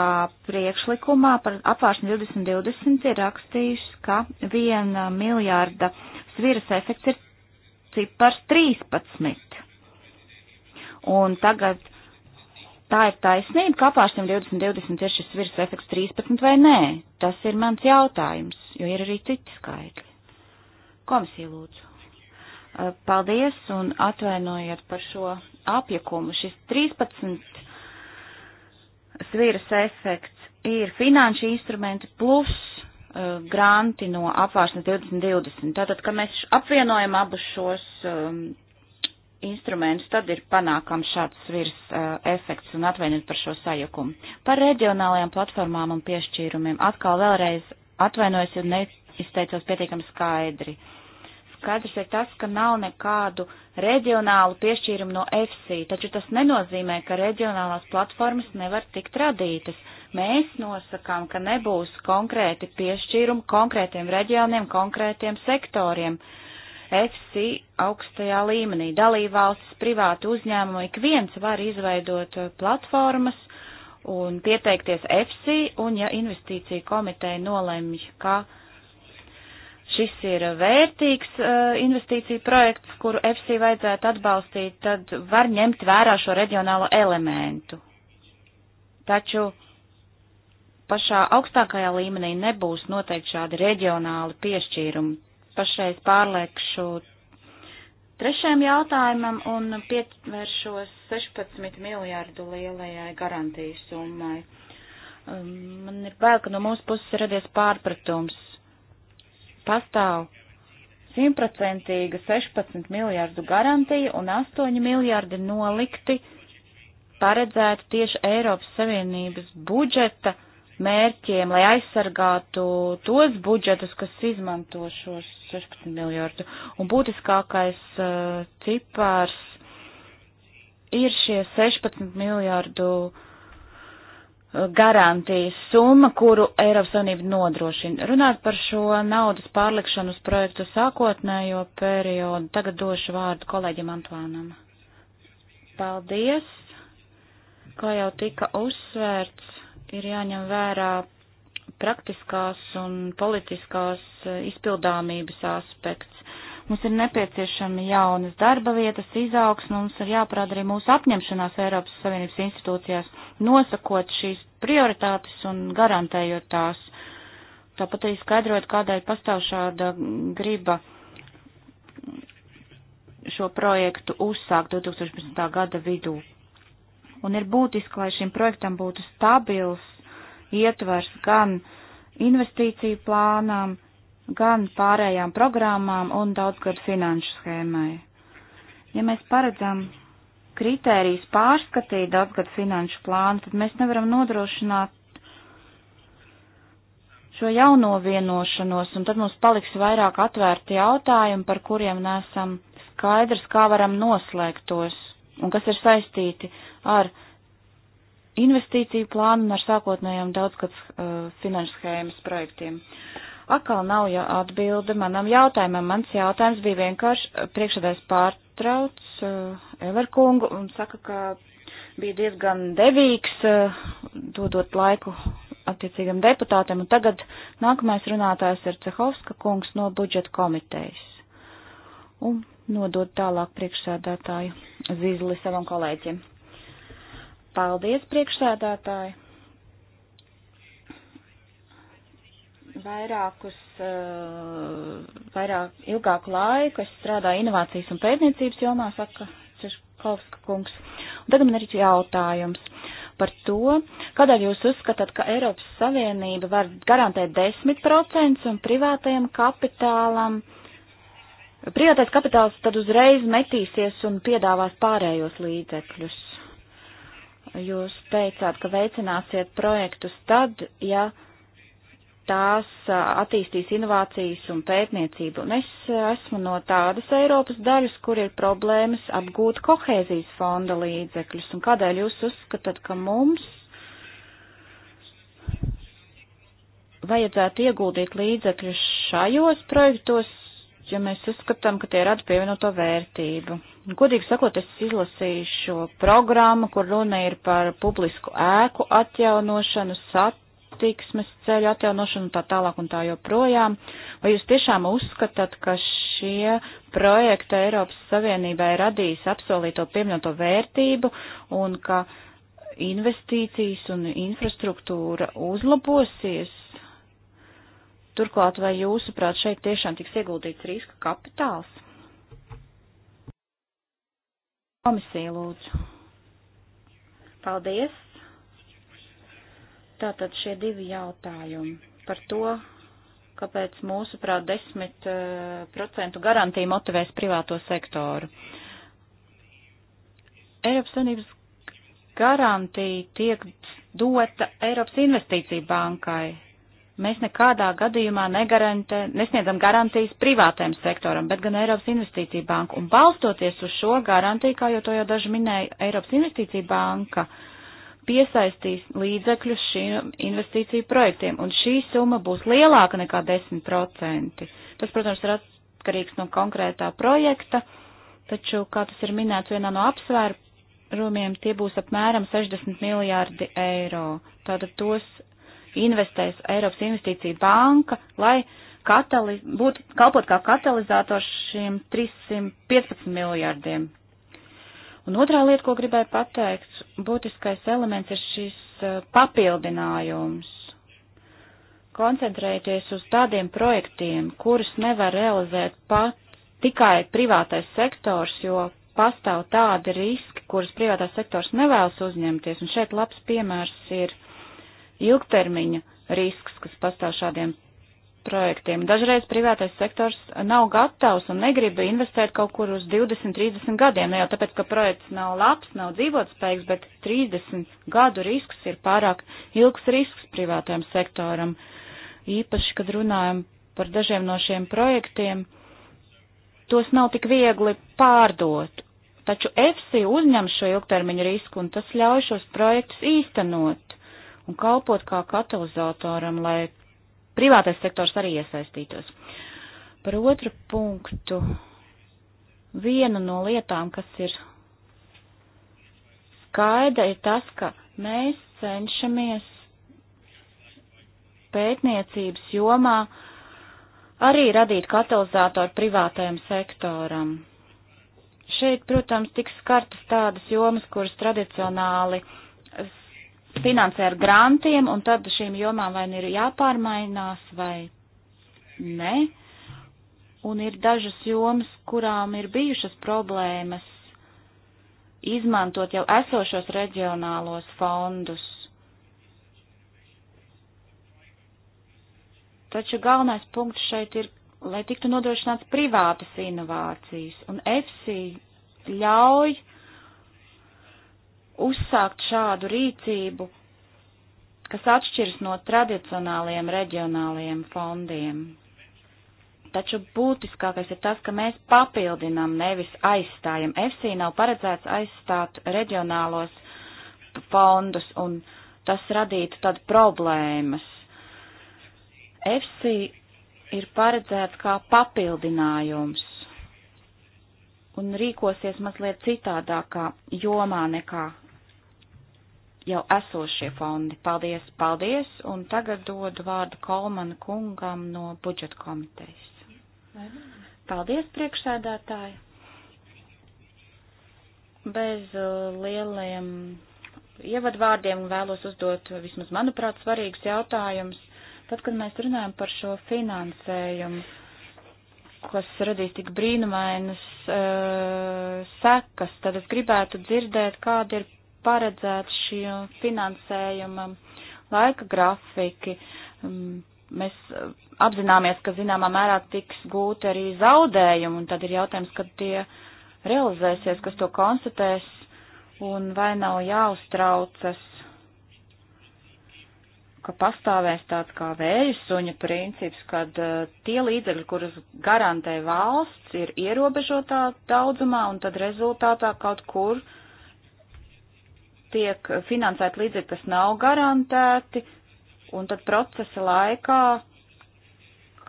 priekšlikumā par apvāršanu 2020 ir rakstījuši, ka viena miljārda sviras efekts ir cipars 13. Un tagad uh, tā ir taisnība, ka apārstiem 2020 ir šis virs efekts 13 vai nē? Tas ir mans jautājums, jo ir arī citi skaitļi. Komisija lūdzu. Paldies un atvainojiet par šo apjakumu. Šis 13 sviras efekts ir finanšu instrumenti plus uh, granti no apvāršanas 2020. Tātad, ka mēs apvienojam abus šos um, instrumentus, tad ir panākams šāds virs uh, efekts un atvainojiet par šo sajukumu. Par reģionālajām platformām un piešķīrumiem atkal vēlreiz atvainojos, jo neizteicos pietiekami skaidri. Skaidrs ir tas, ka nav nekādu reģionālu piešķīrumu no FC, taču tas nenozīmē, ka reģionālās platformas nevar tikt radītas. Mēs nosakām, ka nebūs konkrēti piešķīrumi konkrētiem reģioniem, konkrētiem sektoriem. Uh, FC augstajā līmenī. Dalībvalstis, privāti uzņēmumi, ik viens var izveidot uh, platformas un pieteikties FC, un ja investīcija komiteja nolemj, ka šis ir vērtīgs uh, investīcija projekts, kuru FC vajadzētu atbalstīt, tad var ņemt vērā šo reģionālo elementu. Taču pašā augstākajā līmenī nebūs noteikti šādi reģionāli piešķīrumi pašreiz pārliekšu trešajam jautājumam un pievēršos 16 miljārdu lielajai garantijas summai. Um, man ir bail, ka no mūsu puses ir radies pārpratums. Pastāv simtprocentīga 16 miljārdu garantija un 8 miljārdi nolikti paredzēti tieši Eiropas Savienības budžeta mērķiem, lai aizsargātu tos budžetus, kas izmanto šos 16 miljardu. Un būtiskākais uh, eh, cipārs ir šie 16 miljardu eh, garantijas summa, kuru Eiropas Savienība nodrošina. Runāt par šo naudas pārlikšanu uz projektu sākotnējo periodu, tagad došu vārdu kolēģim Antuānam. Paldies! Kā jau tika uzsvērts, ir jāņem vērā praktiskās un politiskās eh, izpildāmības aspekts. Mums ir nepieciešami jaunas darba vietas, izaugsme, mums ir jāparāda arī mūsu apņemšanās Eiropas Savienības institūcijās, nosakot šīs prioritātes un garantējot tās. Tāpat arī skaidrot, kādēļ pastāv šāda griba šo projektu uzsākt 2015. gada vidū un ir būtiski, lai šim projektam būtu stabils ietvers gan investīciju plānām, gan pārējām programmām un daudzgadu finanšu schēmai. Ja mēs paredzam kritērijas pārskatīt daudzgadu finanšu plānu, tad mēs nevaram nodrošināt šo jauno vienošanos, un tad mums paliks vairāk atvērti jautājumi, par kuriem nesam skaidrs, kā varam noslēgt tos, un kas ir saistīti ar investīciju plānu un ar sākotnējām daudzgads uh, finanšu schēmas projektiem. Akal nav jau atbilde manam jautājumam. Mans jautājums bija vienkārši uh, priekšādājs pārtrauc uh, Everkungu un saka, ka bija diezgan devīgs, uh, dodot laiku attiecīgam deputātam, un tagad nākamais runātājs ir Cehovska kungs no budžeta komitejas. Un nodod tālāk priekšsēdētāju Zizli savam kolēģim. Paldies, priekšsēdētāji! Vairākus, eh, vairāk ilgāku laiku es strādāju inovācijas un pētniecības jomā, saka Češkovska kungs. Un tagad man ir jautājums par to, kādēļ jūs uzskatāt, ka Eiropas Savienība var garantēt 10% un privātajam kapitālam. Privātais kapitāls tad uzreiz metīsies un piedāvās pārējos līdzekļus. Jūs teicāt, ka veicināsiet projektus tad, ja tās attīstīs inovācijas un pētniecību. Un es esmu no tādas Eiropas daļas, kur ir problēmas apgūt kohēzijas fonda līdzekļus. Un kādēļ jūs uzskatāt, ka mums vajadzētu ieguldīt līdzekļus šajos projektos, ja mēs uzskatām, ka tie rada pievienoto vērtību? Godīgi sakot, es izlasīju šo programmu, kur runa ir par publisku ēku atjaunošanu, satiksmes ceļu atjaunošanu un tā tālāk un tā joprojām. Vai jūs tiešām uzskatāt, ka šie projekti Eiropas Savienībai radīs apsolīto pieminēto vērtību un ka investīcijas un infrastruktūra uzlabosies? Turklāt, vai jūsuprāt šeit tiešām tiks ieguldīts riska kapitāls? Komisija lūdzu. Paldies. Tātad šie divi jautājumi par to, kāpēc mūsuprāt 10% eh, garantija motivēs privāto sektoru. Eiropas Savienības garantija tiek dota Eiropas Investīcija bankai mēs nekādā gadījumā negarantē, nesniedzam garantijas privātajam sektoram, bet gan Eiropas Investīcija banka. Un balstoties uz šo garantiju, kā jau to jau daži minēja, Eiropas Investīcija banka piesaistīs līdzekļus šiem investīciju projektiem, un šī summa būs lielāka nekā 10%. Tas, protams, ir atkarīgs no konkrētā projekta, taču, kā tas ir minēts vienā no apsvērumiem, tie būs apmēram 60 miljārdi eiro. Tātad tos investēs Eiropas investīcija banka, lai katali, būtu, kalpot kā katalizators šiem 315 miljārdiem. Un otrā lieta, ko gribēju pateikt, būtiskais elements ir šis eh, papildinājums. Koncentrēties uz tādiem projektiem, kurus nevar realizēt pat tikai privātais sektors, jo pastāv tādi riski, kurus privātais sektors nevēlas uzņemties. Un šeit labs piemērs ir ilgtermiņa risks, kas pastāv šādiem projektiem. Dažreiz privātais sektors nav gatavs un negrib investēt kaut kur uz 20, 30 gadiem, ne jau tāpēc, ka projekts nav labs, nav dzīvotspējīgs, bet 30 gadu risks ir pārāk ilgs risks privātajam sektoram. Īpaši, kad runājam par dažiem no šiem projektiem, tos nav tik viegli pārdot. Taču EFSI uzņem šo ilgtermiņu risku un tas ļauj šos projektus īstenot un kalpot kā katalizatoram, lai privātais sektors arī iesaistītos. Par otru punktu, viena no lietām, kas ir skaida, ir tas, ka mēs cenšamies pētniecības jomā arī radīt katalizātoru privātajam sektoram. Šeit, protams, tiks skartas tādas jomas, kuras tradicionāli uh, finansē ar grantiem, un tad šīm jomām vai nu ir jāpārmainās vai nē. Un ir dažas jomas, kurām ir bijušas problēmas izmantot jau esošos reģionālos fondus. Taču galvenais punkts šeit ir, lai tiktu nodrošināts privātas inovācijas, un EFSI ļauj uzsākt šādu rīcību, kas atšķiras no tradicionāliem reģionāliem fondiem. Taču būtiskākais ir tas, ka mēs papildinām, nevis aizstājam. FSI nav paredzēts aizstāt reģionālos fondus, un tas radītu tad problēmas. FSI ir paredzēts kā papildinājums un rīkosies mazliet citādākā jomā nekā jau esošie fondi. Paldies, paldies, un tagad dodu vārdu Kolmana kungam no budžeta komitejas. Paldies, priekšsēdētāji. Bez uh, lieliem ievadvārdiem vēlos uzdot, vismaz manuprāt, svarīgus jautājumus. Tad, kad mēs runājam par šo finansējumu, kas radīs tik brīnumainas uh, sekas, tad es gribētu dzirdēt, kāda ir paredzēts šī finansējuma laika grafiki. Mm, mēs eh, apzināmies, ka zināmā mērā tiks gūti arī zaudējumi, un tad ir jautājums, kad tie realizēsies, kas to konstatēs, un vai nav jāuztraucas, ka pastāvēs tāds kā vēju suņa princips, kad eh, tie līdzekļi, kurus garantē valsts, ir ierobežotā daudzumā, un tad rezultātā kaut kur uh, tiek finansēt līdzekļi, kas nav garantēti, un tad procesa laikā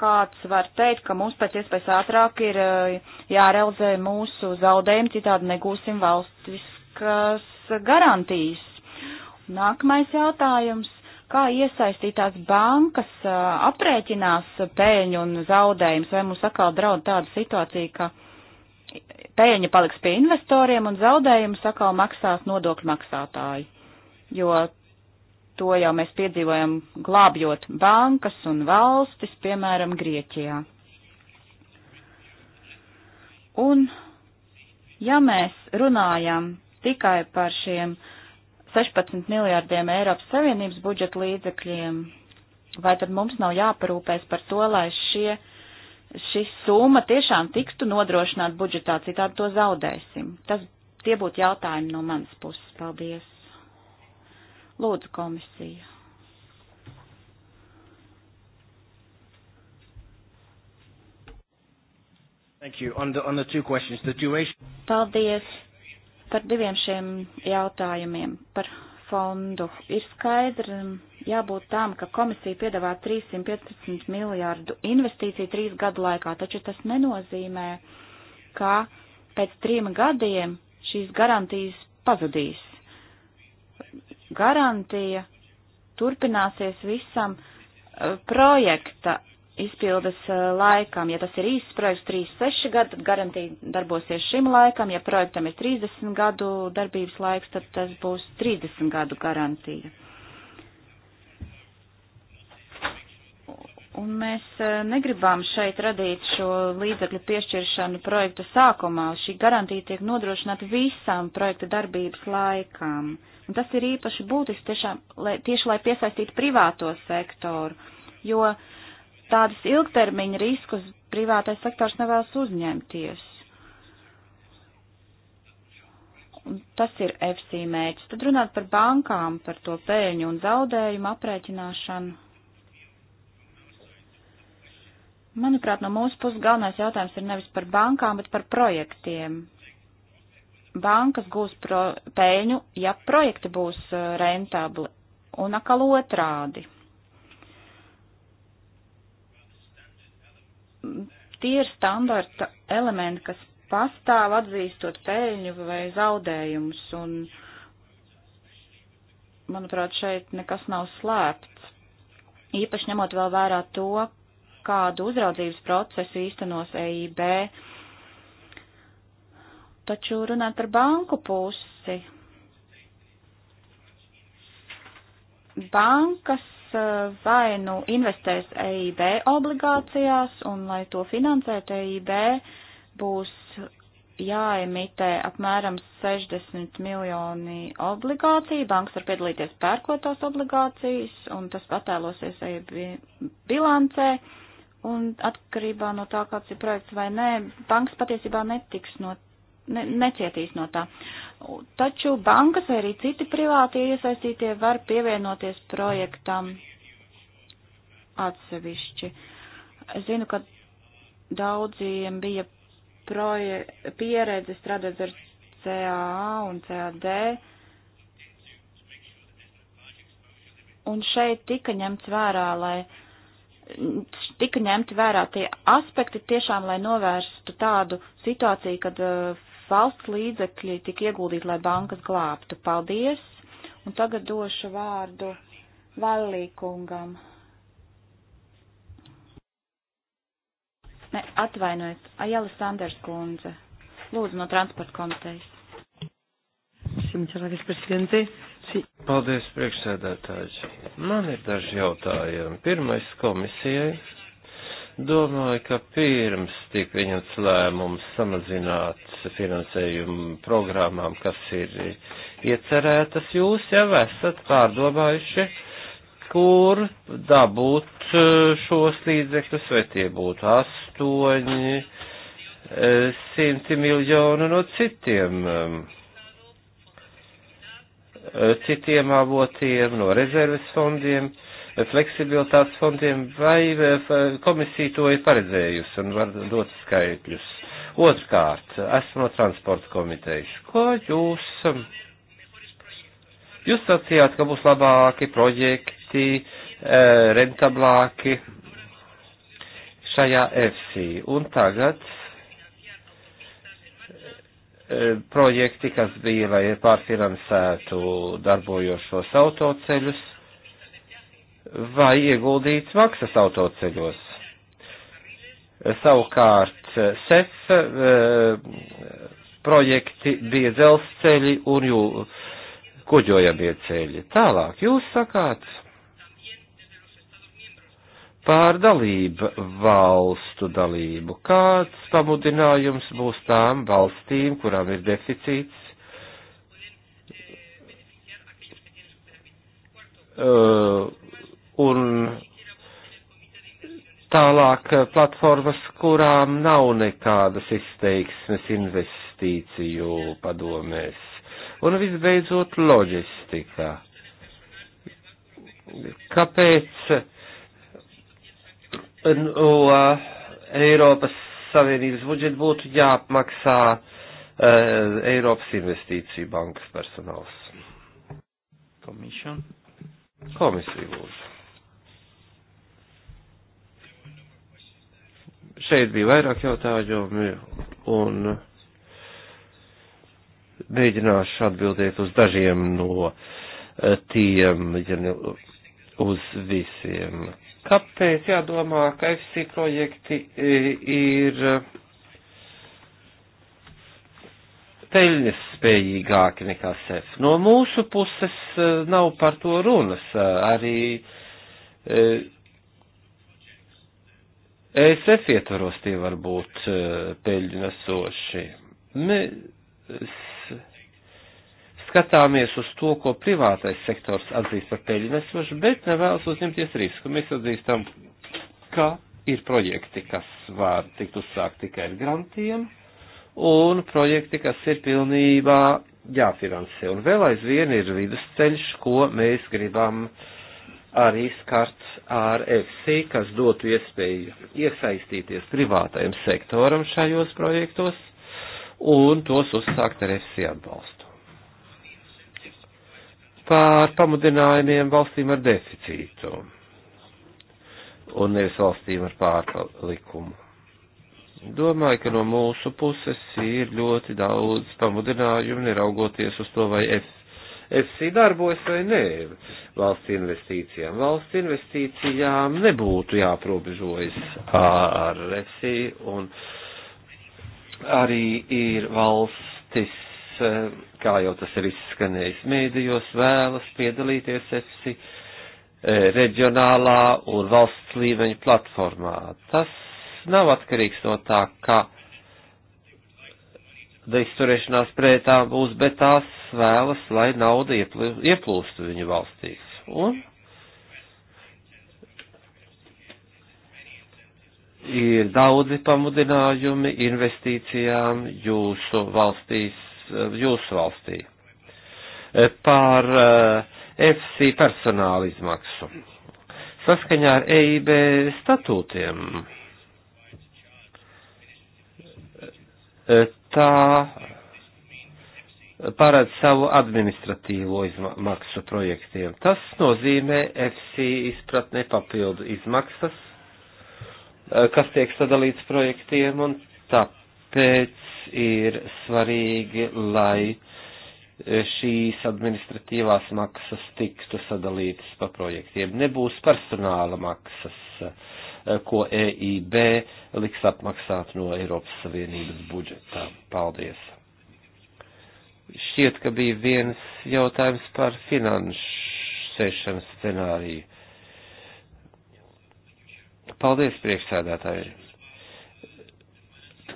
kāds var teikt, ka mums pēc iespējas ātrāk ir eh, jārealizē mūsu zaudējumi, citādi negūsim valstiskas garantijas. Nākamais jautājums. Kā iesaistītās bankas eh, aprēķinās pēļņu un zaudējumus? Vai mums atkal draud tāda situācija, ka pēļņa paliks pie investoriem un zaudējumus atkal maksās nodokļu maksātāji, jo to jau mēs piedzīvojam glābjot bankas un valstis, piemēram, Grieķijā. Un ja mēs runājam tikai par šiem 16 miljārdiem Eiropas Savienības budžeta līdzekļiem, vai tad mums nav jāparūpēs par to, lai šie šī summa tiešām tiktu nodrošināta budžetā, citādi to zaudēsim. Tas tie būtu jautājumi no manas puses. Paldies. Lūdzu, komisija. Thank you. On the, on the two questions, the duration. Paldies par diviem šiem jautājumiem. Par fondu. Ir skaidri jābūt tam, ka komisija piedāvā 315 miljārdu investīciju trīs gadu laikā, taču tas nenozīmē, ka pēc trim gadiem šīs garantijas pazudīs. Garantija turpināsies visam eh, projekta izpildes eh, laikam. Ja tas ir īsts projekts 3-6 gadi, tad garantīvi darbosies šim laikam. Ja projektam ir 30 gadu darbības laiks, tad tas būs 30 gadu garantija. Un mēs eh, negribam šeit radīt šo līdzekļu piešķiršanu projektu sākumā. Šī garantija tiek nodrošināta visām projekta darbības laikām. Un tas ir īpaši būtiski tiešām, lai, tieši, lai piesaistītu privāto sektoru, jo uh, tādus ilgtermiņa riskus privātais sektors nevēlas uzņemties. Un tas ir FC mērķis. Tad runāt par bankām, par to pēļņu un zaudējumu aprēķināšanu. Manuprāt, no mūsu puses galvenais jautājums ir nevis par bankām, bet par projektiem. Bankas gūs pro, pēļņu, ja projekti būs eh, rentabli, un atkal otrādi. tie ir standarta elementi, kas pastāv atzīstot pēļņu vai zaudējumus, un, manuprāt, šeit nekas nav slēpts. Īpaši ņemot vēl vērā to, kādu uzraudzības procesu īstenos EIB, taču runāt par banku pusi. Bankas Eh, vai nu investēs EIB obligācijās, un lai to finansētu EIB, būs jāemitē apmēram 60 miljoni obligāciju. Banks var piedalīties pērkotās obligācijas, un tas patēlosies EIB bilancē. Un atkarībā no tā, kāds ir projekts vai nē, banks patiesībā netiks no ne, necietīs no tā. Taču bankas vai arī citi privāti iesaistītie var pievienoties projektam atsevišķi. Es zinu, ka daudziem bija proje, pieredze strādāt ar CAA un CAD. Un šeit tika ņemts vērā, lai tika ņemti vērā tie aspekti tiešām, lai novērstu tādu situāciju, kad uh, valsts līdzekļi tika ieguldīti, lai bankas glābtu. Paldies! Un tagad došu vārdu Vallīkungam. Ne, atvainojiet, Ajala Sanders kundze. Lūdzu no transporta komitejas. Paldies, priekšsēdētāji. Man ir daži jautājumi. Pirmais komisijai Domāju, ka pirms tika pieņemts lēmums samazināt finansējumu programmām, kas ir iecerētas, jūs jau esat pārdomājuši, kur dabūt e, šos līdzekļus, vai tie būtu astoņi, e, simti miljonu no citiem, e, citiem avotiem, no rezerves fondiem fleksibilitātes fondiem, vai komisija to ir paredzējusi un var dot skaitļus. Otrkārt, esmu no transporta komitejas. Ko jūs, jūs sacījāt, ka būs labāki projekti, eh, rentablāki šajā FC, un tagad eh, projekti, kas bija, lai pārfinansētu darbojošos autoceļus, vai ieguldīts maksas autoceļos. Savukārt SEF eh, projekti bija dzelzceļi un jū, kuģojamie ceļi. Tālāk jūs sakāt pār dalību valstu dalību. Kāds pamudinājums būs tām valstīm, kurām ir deficīts? Uh, un tālāk eh, platformas, kurām nav nekādas izteiksmes investīciju padomēs. Un visbeidzot, loģistika. Kāpēc eh, no Eiropas Savienības budžeta būtu jāapmaksā uh, Eiropas Investīciju bankas personāls? Komisija. Komisija lūdzu. Šeit bija vairāk jautājumi un mēģināšu atbildēt uz dažiem no eh, tiem, ja ne uz visiem. Kāpēc jādomā, ka FC projekti eh, ir eh, peļņas spējīgāki nekā SEF? No mūsu puses nav par to runas. Arī ESF ietvaros tie var būt e, peļņu nesoši. Mēs skatāmies uz to, ko privātais sektors atzīst par peļņu nesošu, bet nevēlas uzņemties risku. Mēs atzīstam, ka ir projekti, kas var tikt uzsākt tikai ar grantiem, un projekti, kas ir pilnībā jāfinansē. Un vēl aizvien ir vidusceļš, ko mēs gribam uh, arī skarts ar FC, kas dotu iespēju iesaistīties privātajam sektoram šajos projektos un tos uzsākt ar FC atbalstu. Pār pamudinājumiem valstīm ar deficītu un nevis valstīm ar pārpalikumu. Domāju, ka no mūsu puses ir ļoti daudz pamudinājumu, neraugoties uz to, vai FC FC darbojas vai nē valsts investīcijām. Valsts investīcijām nebūtu jāprobežojas ar FC un arī ir valstis, kā jau tas ir izskanējis mēdījos, vēlas piedalīties FC eh, reģionālā un valsts līmeņa platformā. Tas nav atkarīgs no tā, kā. Ka izturēšanās pret tām būs, bet tās vēlas, lai nauda ieplūstu viņu valstīs. Un ir daudzi pamudinājumi investīcijām jūsu valstīs, jūsu valstī. Par eh, FC personāla izmaksu. Saskaņā ar EIB statūtiem eh, tā paredz savu administratīvo izmaksu projektiem. Tas nozīmē FC izpratnē papildu izmaksas, eh, kas tiek sadalīts projektiem, un tāpēc ir svarīgi, lai eh, šīs administratīvās maksas tiktu sadalītas pa projektiem. Nebūs personāla maksas eh, Eh, ko EIB liks apmaksāt no Eiropas Savienības budžeta. Paldies! Šķiet, ka bija viens jautājums par finansēšanas scenāriju. Paldies, priekšsēdētāji!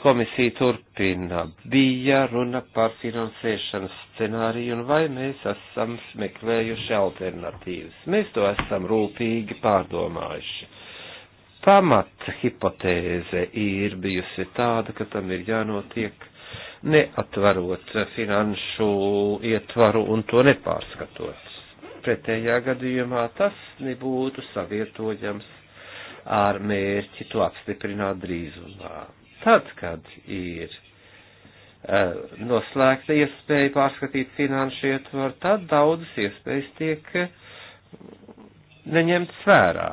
Komisija turpina. Bija runa par finansēšanas scenāriju un vai mēs esam meklējuši alternatīvas. Mēs to esam rūpīgi pārdomājuši pamata hipotēze ir bijusi tāda, ka tam ir jānotiek neatvarot finanšu ietvaru un to nepārskatot. Pretējā gadījumā tas nebūtu savietojams ar mērķi to apstiprināt drīzumā. Tad, kad ir uh, noslēgta iespēja pārskatīt finanšu ietvaru, tad daudzas iespējas tiek neņemtas vērā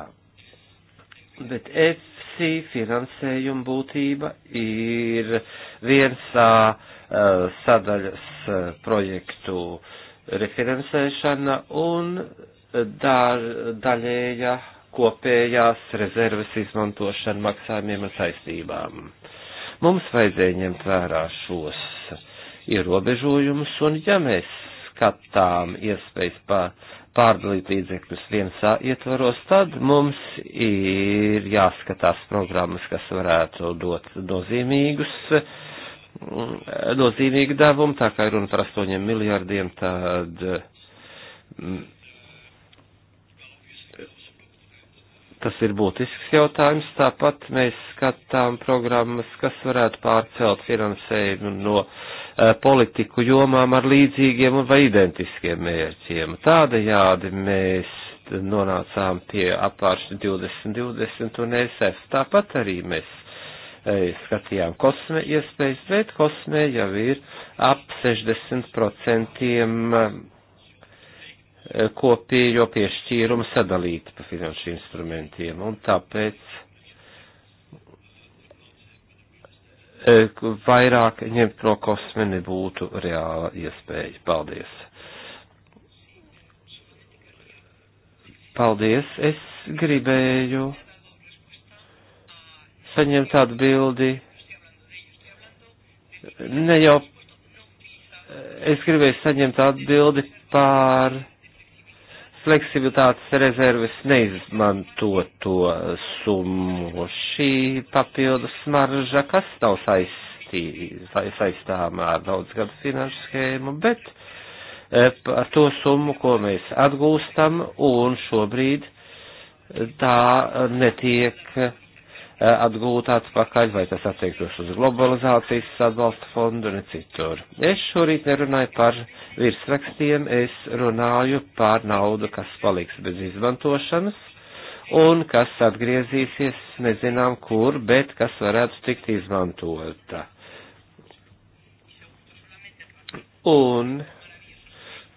Bet EFSI finansējuma būtība ir viens A sadaļas projektu refinansēšana un daļēja kopējās rezerves izmantošana maksājumiem un saistībām. Mums vajadzēja ņemt vērā šos ierobežojumus, un ja mēs skatām iespējas pa pārdalīt līdzekļus viens A ietvaros, tad mums ir jāskatās programmas, kas varētu dot nozīmīgus, mm, nozīmīgu devumu, tā kā ir runa par 8 miljardiem, tad mm, tas ir būtisks jautājums. Tāpat mēs skatām programmas, kas varētu pārcelt finansējumu no uh, Eh, politiku jomām ar līdzīgiem vai identiskiem mērķiem. Tādējādi mēs nonācām pie apāršņa 2020 un ESF. Tāpat arī mēs eh, skatījām kosmē iespējas, bet kosmē jau ir ap 60% eh, kopējo piešķīrumu sadalīti pa finanšu instrumentiem, un tāpēc Eh, vairāk ņemt no kosme nebūtu reāla iespēja. Paldies! Paldies! Es gribēju saņemt tādu bildi. Ne jau eh, es gribēju saņemt atbildi pār fleksibilitātes rezerves neizmantoto summu. Šī papildus marža, kas nav saistī, saistāmā ar daudzgadu finanšu schēmu, bet e, ar to summu, ko mēs atgūstam, un šobrīd tā netiek Eh, atgūt atpakaļ, vai tas attiektos uz globalizācijas atbalsta fondu un citur. Es šorīt nerunāju par virsrakstiem, es runāju par naudu, kas paliks bez izmantošanas un kas atgriezīsies nezinām kur, bet kas varētu tikt izmantota. Un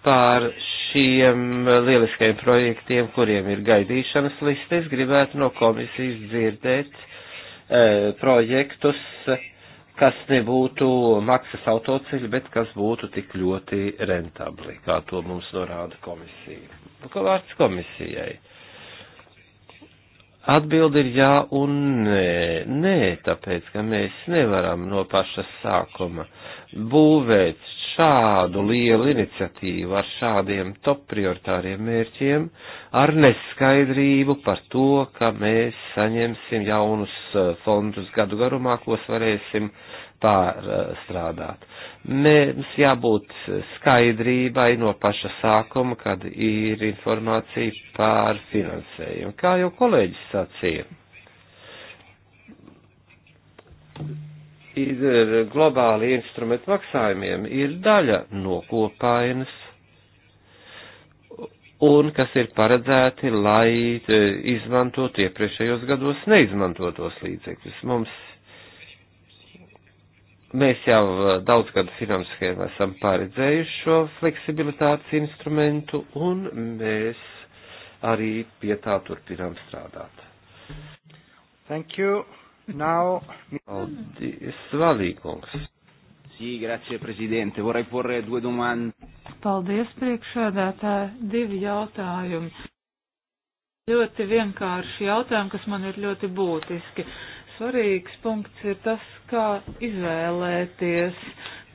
par šiem eh, lieliskajiem projektiem, kuriem ir gaidīšanas liste, es gribētu no komisijas dzirdēt e, projektus, kas nebūtu maksas autoceļi, bet kas būtu tik ļoti rentabli, kā to mums norāda komisija. Nu, vārds komisijai. Atbildi ir jā un nē. Nē, tāpēc, ka mēs nevaram no paša sākuma būvēt šādu lielu iniciatīvu, ar šādiem top prioritāriem mērķiem, ar neskaidrību par to, ka mēs saņemsim jaunus eh, fondus gadu garumā, kos varēsim pārstrādāt. Mums jābūt skaidrībai no paša sākuma, kad ir informācija pār finansējumu. Kā jau kolēģis sacīja ir eh, globāli instrumenti maksājumiem ir daļa no kopainas un kas ir paredzēti, lai eh, izmantotu iepriekšējos gados neizmantotos līdzekļus. Mums, mēs jau eh, daudz gadu finansu schēmu esam paredzējuši šo fleksibilitātes instrumentu, un mēs arī pie tā turpinām strādāt. Thank you. Now... Paldies, Valīkungs. Sī, grazie, prezidente. Vorrei porre due domande. Paldies, priekšsēdētāji. Divi jautājumi. Ļoti vienkārši jautājumi, kas man ir ļoti būtiski. Svarīgs punkts ir tas, kā izvēlēties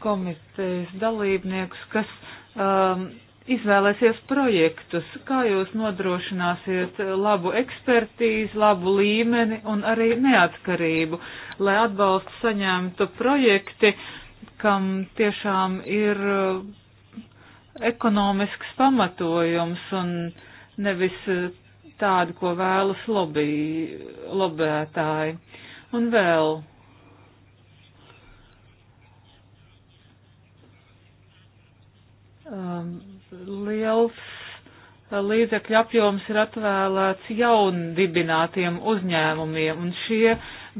komitejas dalībniekus, kas um, izvēlēsies projektus, kā jūs nodrošināsiet labu ekspertīzi, labu līmeni un arī neatkarību, lai atbalstu saņemtu projekti, kam tiešām ir uh, ekonomisks pamatojums un nevis uh, tādu, ko vēlas lobby, lobētāji. Un vēl um, liels eh, līdzekļu apjoms ir atvēlēts jaundibinātiem uzņēmumiem, un šie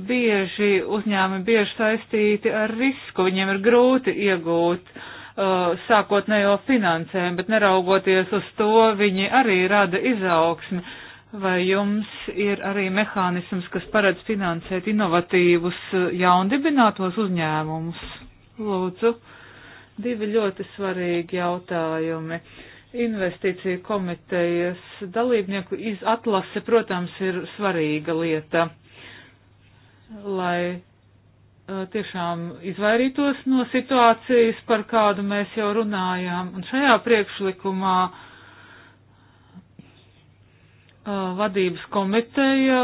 bieži uzņēmumi bieži saistīti ar risku, viņiem ir grūti iegūt uh, sākotnējo finansējumu, bet neraugoties uz to, viņi arī rada izaugsmi. Vai jums ir arī mehānisms, kas paredz finansēt inovatīvus eh, jaundibinātos uzņēmumus? Lūdzu. Divi ļoti svarīgi jautājumi. Investīcija komitejas dalībnieku atlase, protams, ir svarīga lieta, lai tiešām izvairītos no situācijas, par kādu mēs jau runājām. Un šajā priekšlikumā vadības komiteja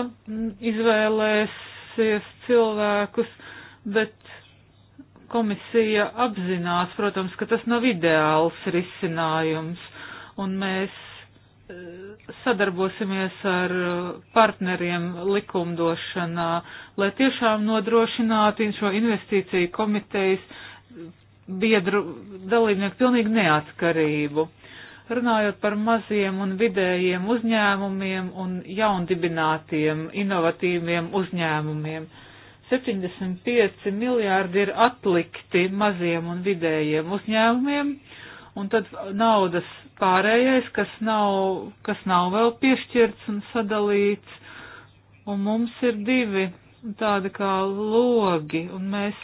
izvēlēsies cilvēkus, bet Komisija apzinās, protams, ka tas nav ideāls risinājums, un mēs eh, sadarbosimies ar eh, partneriem likumdošanā, lai tiešām nodrošinātu šo investīciju komitejas eh, biedru dalībnieku pilnīgu neatkarību. Runājot par maziem un vidējiem uzņēmumiem un jaundibinātiem, inovatīviem uzņēmumiem. Uh, 75 miljārdi ir atlikti maziem un vidējiem uzņēmumiem, un tad naudas pārējais, kas nav, kas nav vēl piešķirts un sadalīts, un mums ir divi tādi kā logi, un mēs,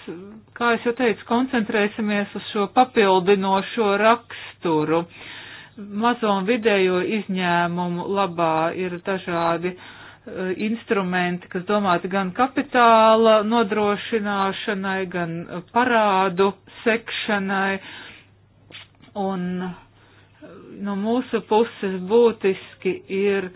kā es jau teicu, koncentrēsimies uz šo papildinošo raksturu. Mazo un vidējo izņēmumu labā ir dažādi uh, Eh, instrumenti, kas domāti gan kapitāla nodrošināšanai, gan eh, parādu sekšanai. Un eh, no mūsu puses būtiski ir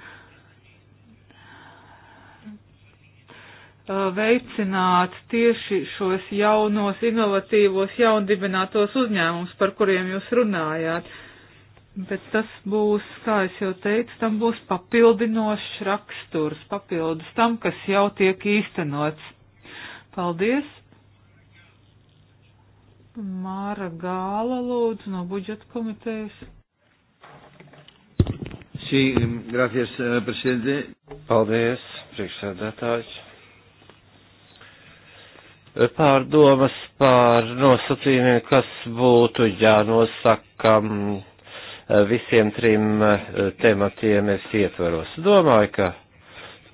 veicināt tieši šos jaunos, inovatīvos, jaundibinātos uzņēmumus, par kuriem jūs runājāt Bet tas būs, kā es jau teicu, tam būs papildinošs raksturs, papildus tam, kas jau tiek īstenots. Paldies! Māra Gāla lūdzu no budžeta komitejas. Sí, gracias, eh, presidente. Paldies, priekšsēdētājs. Pārdomas par nosacījumiem, kas būtu jānosaka. Ja visiem trim eh, tematiem es ietvaros. Domāju, ka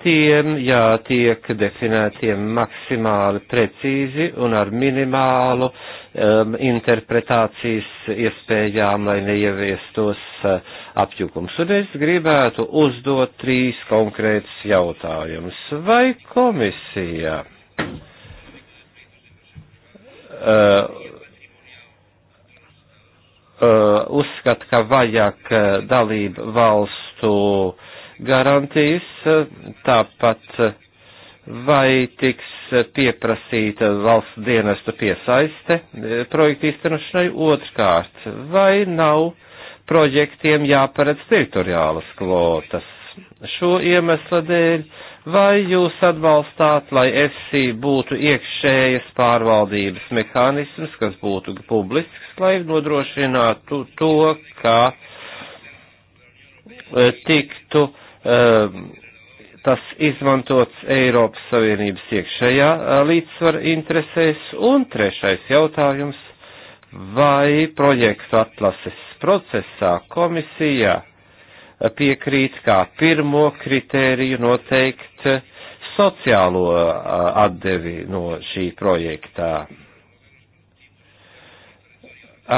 tiem jātiek definētiem maksimāli precīzi un ar minimālu um, interpretācijas iespējām, lai neieviestos uh, apjukums. Un es gribētu uzdot trīs konkrētus jautājumus. Vai komisija? Uh, Uh, uzskata, ka vajag uh, dalību valstu garantijas, uh, tāpat vai tiks pieprasīta valsts dienesta piesaiste projektu īstenošanai otrkārt, vai nav projektiem jāparedz teritoriālas kvotas. Šo iemeslu dēļ Vai jūs atbalstāt, lai FC būtu iekšējas pārvaldības mehānisms, kas būtu publisks, lai nodrošinātu to, ka eh, tiktu um, tas izmantots Eiropas Savienības iekšējā eh, līdzsvara interesēs. Un trešais jautājums, vai projektu atlases procesā komisijā piekrīt kā pirmo kritēriju noteikt sociālo atdevi no šī projektā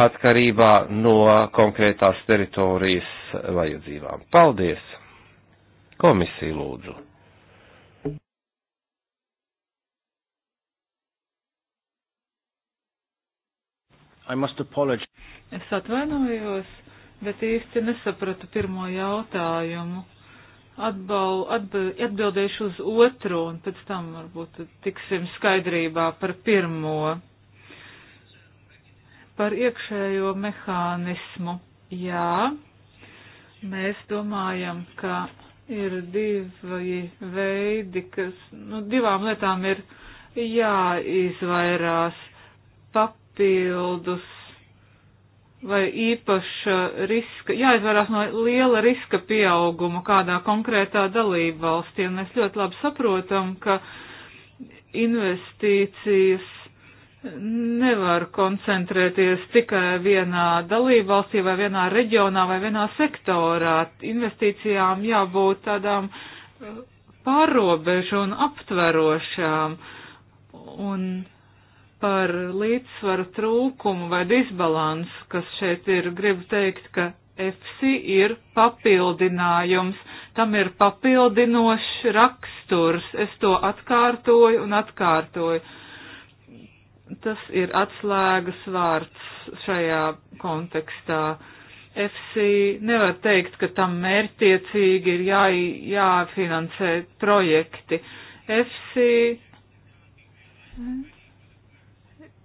atkarībā no konkrētās teritorijas vajadzībām. Paldies! Komisija lūdzu. Es atvainojos bet īsti nesapratu pirmo jautājumu. Atbal, atbil, atbildēšu uz otro un pēc tam varbūt tiksim skaidrībā par pirmo. Par iekšējo mehānismu. Jā, mēs domājam, ka ir divi veidi, kas, nu, divām lietām ir jāizvairās papildus vai īpaša riska, jāizvarās no liela riska pieauguma kādā konkrētā dalība valstī, un mēs ļoti labi saprotam, ka investīcijas nevar koncentrēties tikai vienā dalībvalstī vai vienā reģionā vai vienā sektorā. Investīcijām jābūt tādām uh, pārobežu un aptverošām. Un par līdzsvaru trūkumu vai disbalansu, kas šeit ir, gribu teikt, ka EFSI ir papildinājums, tam ir papildinošs raksturs, es to atkārtoju un atkārtoju. Tas ir atslēgas vārds šajā kontekstā. EFSI nevar teikt, ka tam mērķtiecīgi ir jā, jāfinansē projekti. EFSI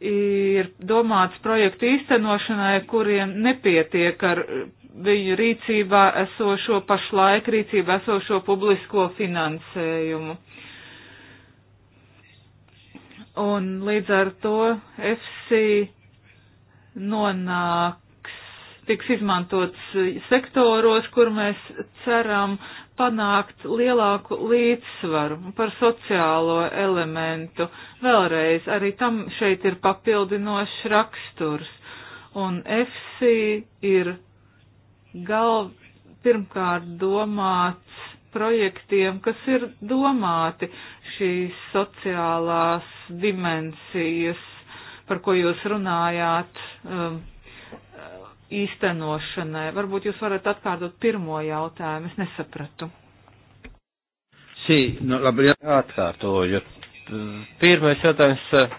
ir domāts projektu īstenošanai, kuriem nepietiek ar viņu rīcībā esošo pašlaik rīcībā esošo publisko finansējumu. Un līdz ar to FC nonāks, tiks izmantots sektoros, kur mēs ceram, panākt lielāku līdzsvaru par sociālo elementu. Vēlreiz arī tam šeit ir papildinošs raksturs. Un FC ir galv, pirmkārt domāts projektiem, kas ir domāti šīs sociālās dimensijas, par ko jūs runājāt um, īstenošanai. Varbūt jūs varat atkārtot pirmo jautājumu, es nesapratu. Sī, nu labi, atkārtoju. Pirmais jautājums eh,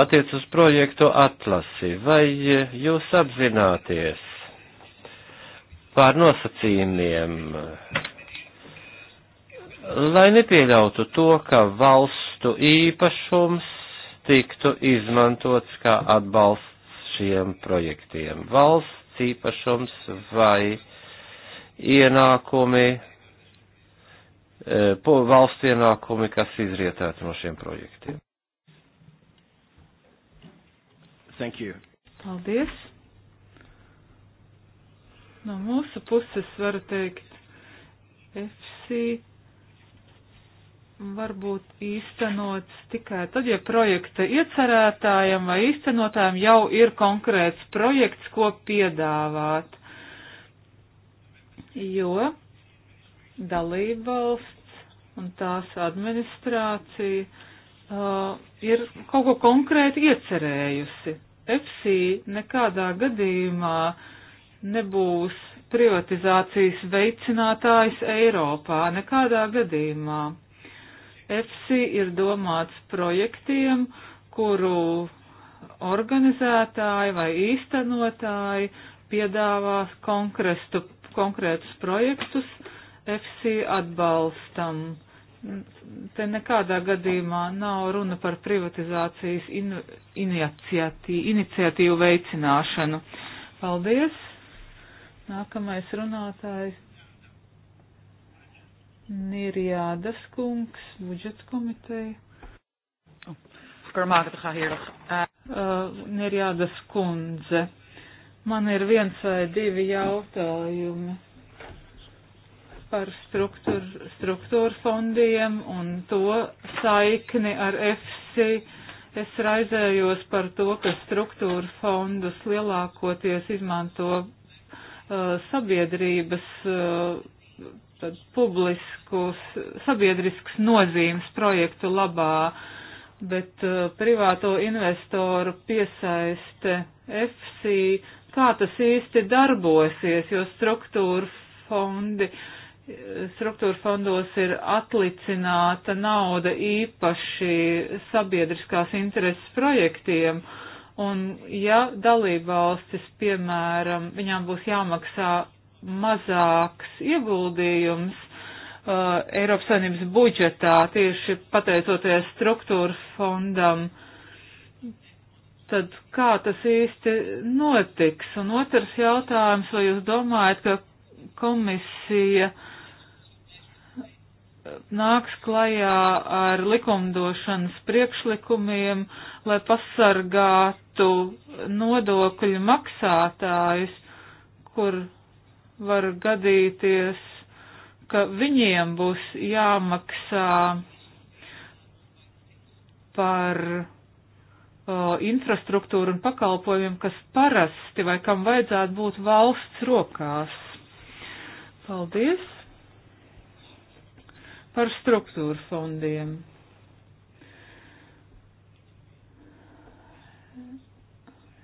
attiec uz projektu atlasi. Vai eh, jūs apzināties pār nosacījumiem, eh, lai nepieļautu to, ka valstu īpašums tiktu izmantots kā atbalsts šiem projektiem. Valsts īpašums vai ienākumi, e, valsts ienākumi, kas izrietētu no šiem projektiem. Thank you. Paldies. No mūsu puses varu teikt, FC var būt īstenots tikai tad, ja projekta iecerētājiem vai īstenotājiem jau ir konkrēts projekts, ko piedāvāt. Jo dalībvalsts un tās administrācija uh, ir kaut ko konkrēti iecerējusi. FC nekādā gadījumā nebūs privatizācijas veicinātājs Eiropā, nekādā gadījumā. EFSI ir domāts projektiem, kuru organizētāji vai īstenotāji piedāvās konkrestu, konkrētus projektus EFSI atbalstam. Te nekādā gadījumā nav runa par privatizācijas inu, iniciatīvu, iniciatīvu veicināšanu. Paldies! Nākamais runātājs Nirjādas kungs, budžets komiteja. Uh, Nirjādas kundze. Man ir viens vai divi jautājumi par struktūr, struktūru fondiem un to saikni ar EFSI. Es raizējos par to, ka struktūru fondus lielākoties izmanto uh, sabiedrības uh, tad publiskus, sabiedrisks nozīmes projektu labā, bet uh, privāto investoru piesaiste FC, kā tas īsti darbosies, jo struktūra fondi, struktūra fondos ir atlicināta nauda īpaši sabiedriskās intereses projektiem. Un ja dalībvalstis, piemēram, viņām būs jāmaksā mazāks ieguldījums uh, Eiropas Savienības budžetā tieši pateicoties struktūras fondam, tad kā tas īsti notiks? Un otrs jautājums, vai jūs domājat, ka komisija nāks klajā ar likumdošanas priekšlikumiem, lai pasargātu nodokļu maksātājus, kur var gadīties, ka viņiem būs jāmaksā par uh, infrastruktūru un pakalpojumiem, kas parasti vai kam vajadzētu būt valsts rokās. Paldies par struktūru fondiem.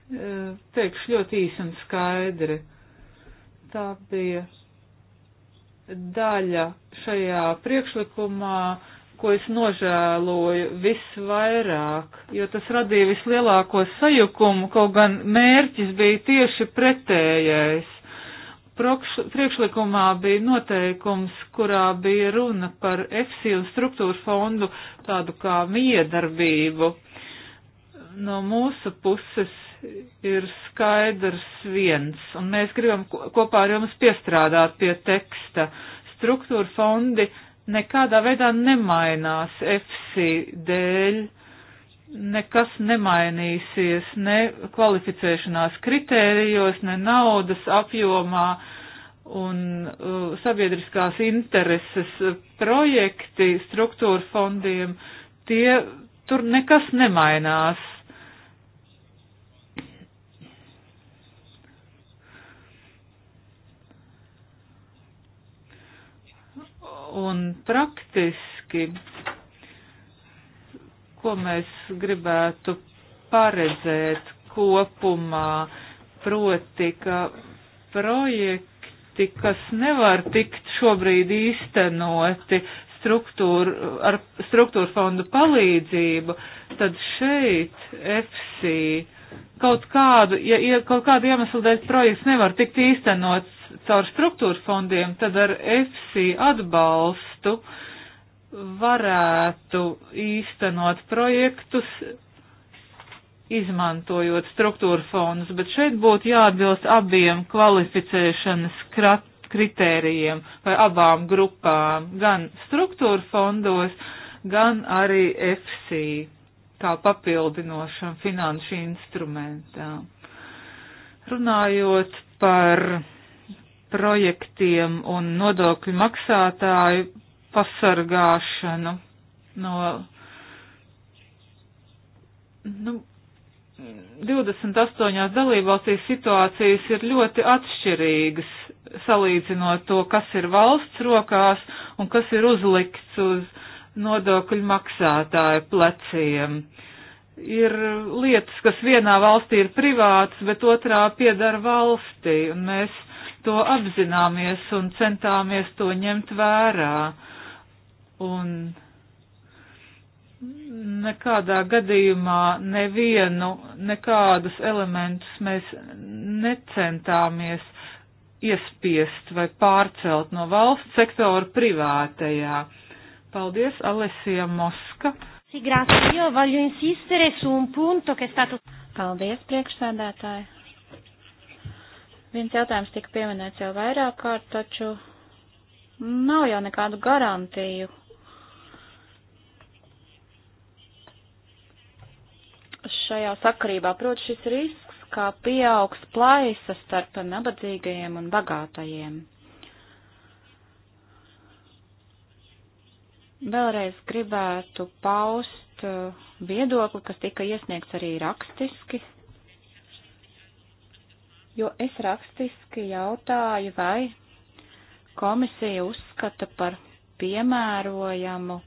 E, teikšu ļoti īsi un skaidri. Uh, tā bija daļa šajā priekšlikumā, ko es nožēloju visvairāk, jo tas radīja vislielāko sajukumu, kaut gan mērķis bija tieši pretējais. Prokš, priekšlikumā bija noteikums, kurā bija runa par EFSI un struktūru fondu tādu kā miedarbību. No mūsu puses ir skaidrs viens, un mēs gribam kopā ar jums piestrādāt pie teksta. Struktūra fondi nekādā veidā nemainās EFSI dēļ, nekas nemainīsies ne kvalificēšanās kritērijos, ne naudas apjomā, un uh, sabiedriskās intereses projekti struktūra fondiem, tie tur nekas nemainās un praktiski, ko mēs gribētu paredzēt kopumā, proti, ka projekti, kas nevar tikt šobrīd īstenoti struktūru, ar struktūru fondu palīdzību, tad šeit EFSI kaut kādu, ja, ja kaut kādu iemeslu dēļ projekts nevar tikt īstenots, caur struktūra fondiem, tad ar EFSI atbalstu varētu īstenot projektus, izmantojot struktūra fondus, bet šeit būtu jāatbilst abiem kvalificēšanas kritērijiem vai abām grupām, gan struktūra fondos, gan arī EFSI kā papildinošam finanšu instrumentam. Runājot par projektiem un nodokļu maksātāju pasargāšanu no nu, 28 dalībvalstīs situācijas ir ļoti atšķirīgas, salīdzinot to, kas ir valsts rokās un kas ir uzlikts uz nodokļu maksātāju pleciem. Ir lietas, kas vienā valstī ir privātas, bet otrā piedara valstī, un mēs to apzināmies un centāmies to ņemt vērā. Un nekādā gadījumā nevienu, nekādus elementus mēs necentāmies iespiest vai pārcelt no valsts sektora privātajā. Paldies, Alesija Moska. Sì, grazie. Io voglio insistere su un punto che è stato. Paldies, priekšsēdētāji. Viens jautājums tika pieminēts jau vairāk kārt, taču nav jau nekādu garantiju. Šajā sakarībā, protams, šis risks, kā pieaugs plaisa starp nabadzīgajiem un bagātajiem. Vēlreiz gribētu paust viedokli, kas tika iesniegts arī rakstiski jo es rakstiski jautāju, vai komisija uzskata par piemērojamu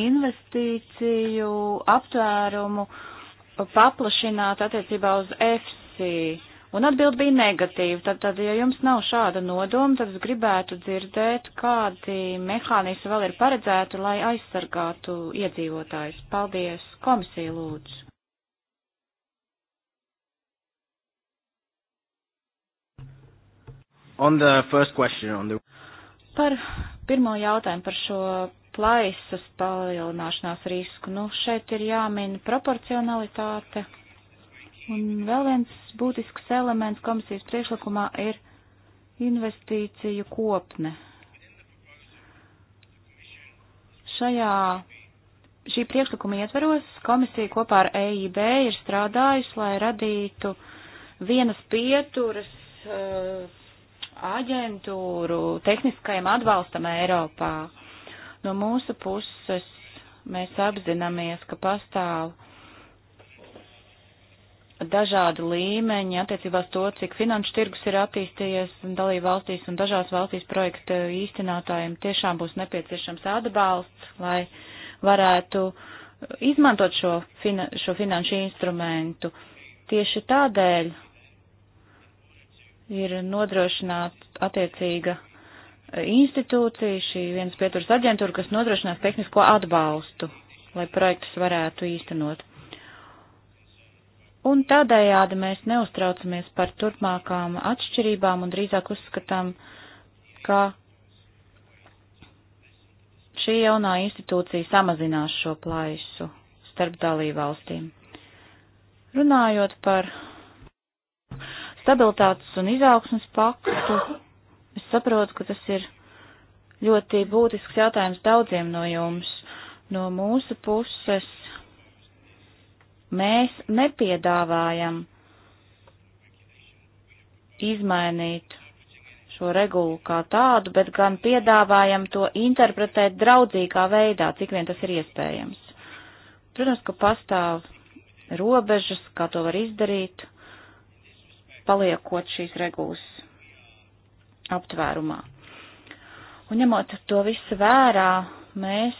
investīciju aptvērumu paplašināt attiecībā uz EFSI. Un atbild bija negatīva. Tad, tad, ja jums nav šāda nodoma, tad es gribētu dzirdēt, kādi mehānismi vēl ir paredzēti, lai aizsargātu iedzīvotājus. Paldies, komisija lūdzu. On the first question on the... Par pirmo jautājumu par šo plaisas palielināšanās risku. Nu, šeit ir jāmin proporcionalitāte. Un vēl viens būtisks elements komisijas priekšlikumā ir investīciju kopne. Šajā šī priekšlikuma ietveros komisija kopā ar EIB ir strādājusi, lai radītu vienas pieturas uh, aģentūru tehniskajam atbalstam Eiropā. No mūsu puses mēs apzināmies, ka pastāv dažādi līmeņi attiecībā uz to, cik finanšu tirgus ir attīstījies dalību valstīs un dažās valstīs projekta īstenātājiem tiešām būs nepieciešams atbalsts, lai varētu izmantot šo, fina, šo finanšu instrumentu. Tieši tādēļ ir nodrošināta attiecīga e, institūcija, šī viens pieturas aģentūra, kas nodrošinās tehnisko atbalstu, lai projektus varētu īstenot. Un tādējādi mēs neuztraucamies par turpmākām atšķirībām un drīzāk uzskatām, ka šī jaunā institūcija samazinās šo plaisu starp dalībvalstīm. Runājot par stabilitātes un izaugsmas paktu. Es saprotu, ka tas ir ļoti būtisks jautājums daudziem no jums. No mūsu puses mēs nepiedāvājam izmainīt šo regulu kā tādu, bet gan piedāvājam to interpretēt draudzīgā veidā, cik vien tas ir iespējams. Protams, ka pastāv robežas, kā to var izdarīt, paliekot šīs regulas aptvērumā. Un ņemot to visu vērā, mēs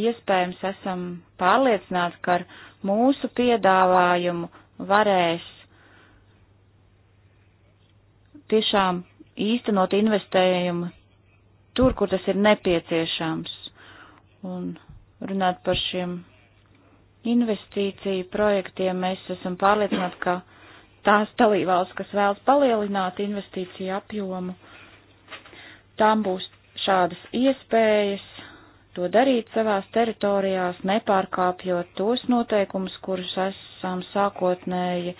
iespējams esam pārliecināti, ka ar mūsu piedāvājumu varēs tiešām īstenot investējumu tur, kur tas ir nepieciešams. Un runāt par šiem investīciju projektiem, mēs esam pārliecināti, ka tās dalībvalsts, kas vēlas palielināt investīciju apjomu, tam būs šādas iespējas to darīt savās teritorijās, nepārkāpjot tos noteikumus, kurus esam sākotnēji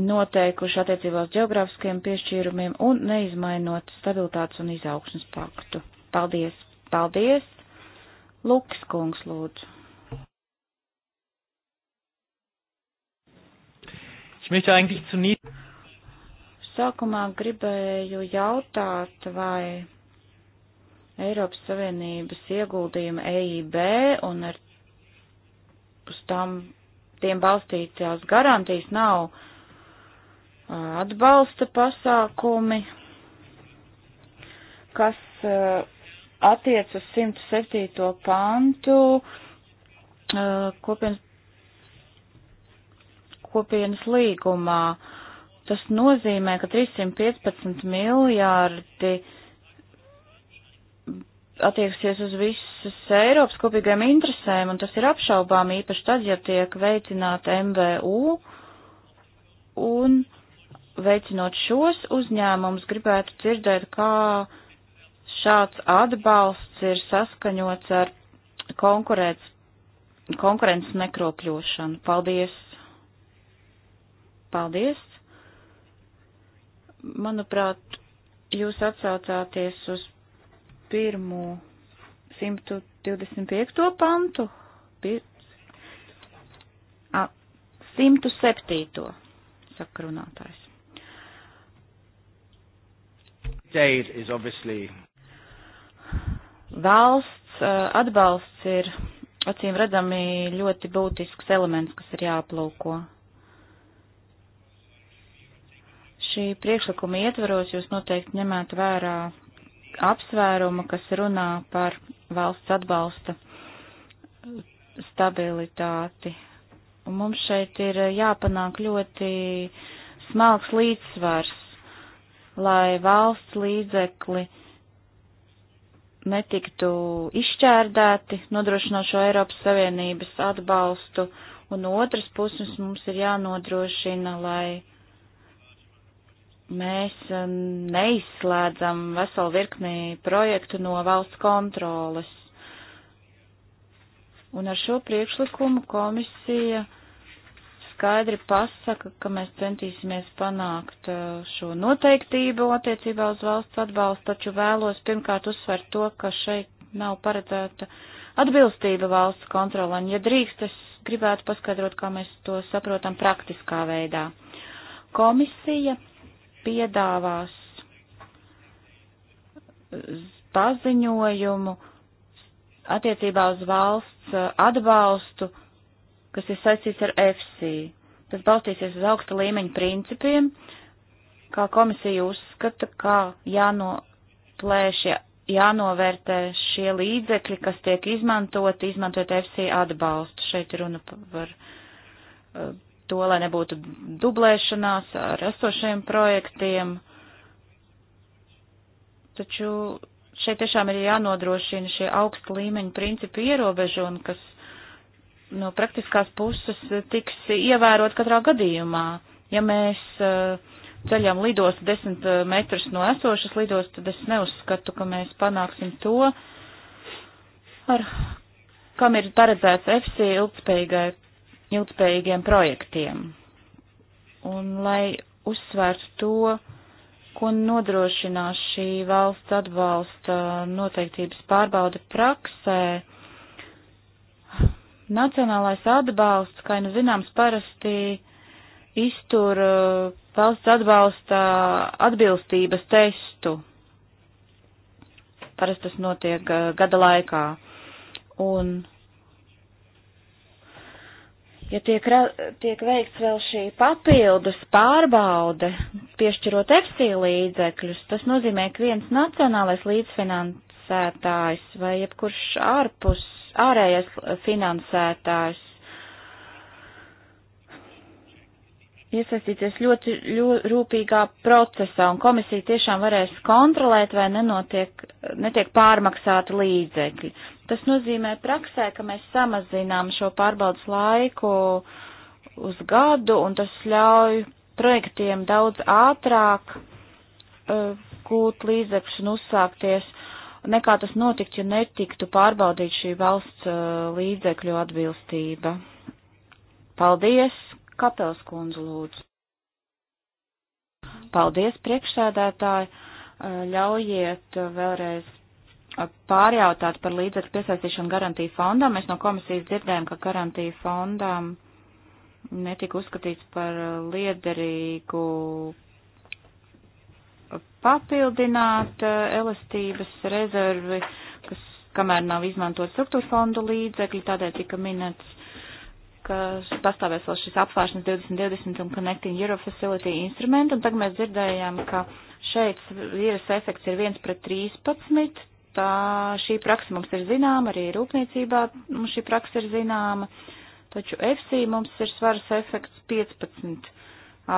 noteikuši attiecībā uz geogrāfiskiem piešķīrumiem un neizmainot stabilitātes un izaugsmas paktu. Paldies! Paldies! Lukas kungs lūdzu! Ich möchte eigentlich zunächst. Sākumā gribēju jautāt, vai Eiropas Savienības ieguldījuma EIB un ar uz tam, tiem balstītās garantijas nav atbalsta pasākumi, kas attiec uz 107. pantu kopienas kopienas līgumā. Tas nozīmē, ka 315 miljārdi attieksies uz visas Eiropas kopīgajām interesēm, un tas ir apšaubām īpaši tad, ja tiek veicināta MVU, un veicinot šos uzņēmumus, gribētu dzirdēt, kā šāds atbalsts ir saskaņots ar konkurēts, konkurences nekropļošanu. Paldies! Paldies! Manuprāt, jūs atsaucāties uz pirmo 125. pantu, 107. saka runātājs. Valsts atbalsts ir acīm redzami ļoti būtisks elements, kas ir jāaplūko. Šī priekšlikuma ietvaros jūs noteikti ņemētu vērā apsvērumu, kas runā par valsts atbalsta stabilitāti. Un mums šeit ir jāpanāk ļoti smalks līdzsvars, lai valsts līdzekli netiktu izšķērdēti, nodrošinot šo Eiropas Savienības atbalstu, un otras puses mums ir jānodrošina, lai mēs um, neizslēdzam veselu virkni projektu no valsts kontroles. Un ar šo priekšlikumu komisija skaidri pasaka, ka mēs centīsimies panākt uh, šo noteiktību attiecībā uz valsts atbalstu, taču vēlos pirmkārt uzsvērt to, ka šeit nav paredzēta atbilstība valsts kontrolēm. Ja drīkst, es gribētu paskaidrot, kā mēs to saprotam praktiskā veidā. Komisija piedāvās paziņojumu attiecībā uz valsts uh, atbalstu, kas ir saistīts ar EFSI. Tas balstīsies uz augsta līmeņa principiem, kā komisija uzskata, kā jānoplēš, jānovērtē šie līdzekļi, kas tiek izmantoti, izmantojot EFSI atbalstu. Šeit runa par uh, to, lai nebūtu dublēšanās ar esošiem projektiem. Taču šeit tiešām ir jānodrošina šie augsta līmeņa principi ierobežojumi, kas no praktiskās puses tiks ievērot katrā gadījumā. Ja mēs eh, ceļam lidostu desmit eh, metrus no esošas lidostu, tad es neuzskatu, ka mēs panāksim to, ar kam ir paredzēts FC ilgspējīgai ilgspējīgiem projektiem. Un lai uzsvērtu to, ko nodrošinās šī valsts atbalsta noteiktības pārbauda praksē, nacionālais atbalsts, kā jau nu zināms, parasti iztur uh, valsts atbalsta atbilstības testu. Parasti tas notiek uh, gada laikā. Un ja tiek, tiek veikts vēl šī papildus pārbaude, piešķirot EFSI līdzekļus, tas nozīmē, ka viens nacionālais līdzfinansētājs vai jebkurš ārpus, ārējais finansētājs iesaistīties ļoti, ļoti rūpīgā procesā, un komisija tiešām varēs kontrolēt, vai nenotiek, netiek pārmaksāti līdzekļi. Tas nozīmē praksē, ka mēs samazinām šo pārbaudas laiku uz gadu, un tas ļauj projektiem daudz ātrāk uh, gūt līdzekļus un uzsākties, nekā tas notiktu, ja netiktu pārbaudīt šī valsts uh, līdzekļu atbilstība. Paldies Kapels kundze lūdzu. Paldies, priekšsēdētāji. Ļaujiet vēlreiz pārjautāt par līdzekļu piesaistīšanu garantiju fondam. Mēs no komisijas dzirdējām, ka garantiju fondam netika uzskatīts par liederīgu papildināt elastības rezervi, kas kamēr nav izmantot struktūra fondu līdzekļi, tādēļ tika minēts ka pastāvēs vēl šis apvāršanas 2020 un Connecting Europe Facility instruments, un tagad mēs dzirdējām, ka šeit vīras efekts ir 1 pret 13, tā šī praksa mums ir zināma, arī rūpniecībā mums šī praksa ir zināma, taču FC mums ir svaras efekts 15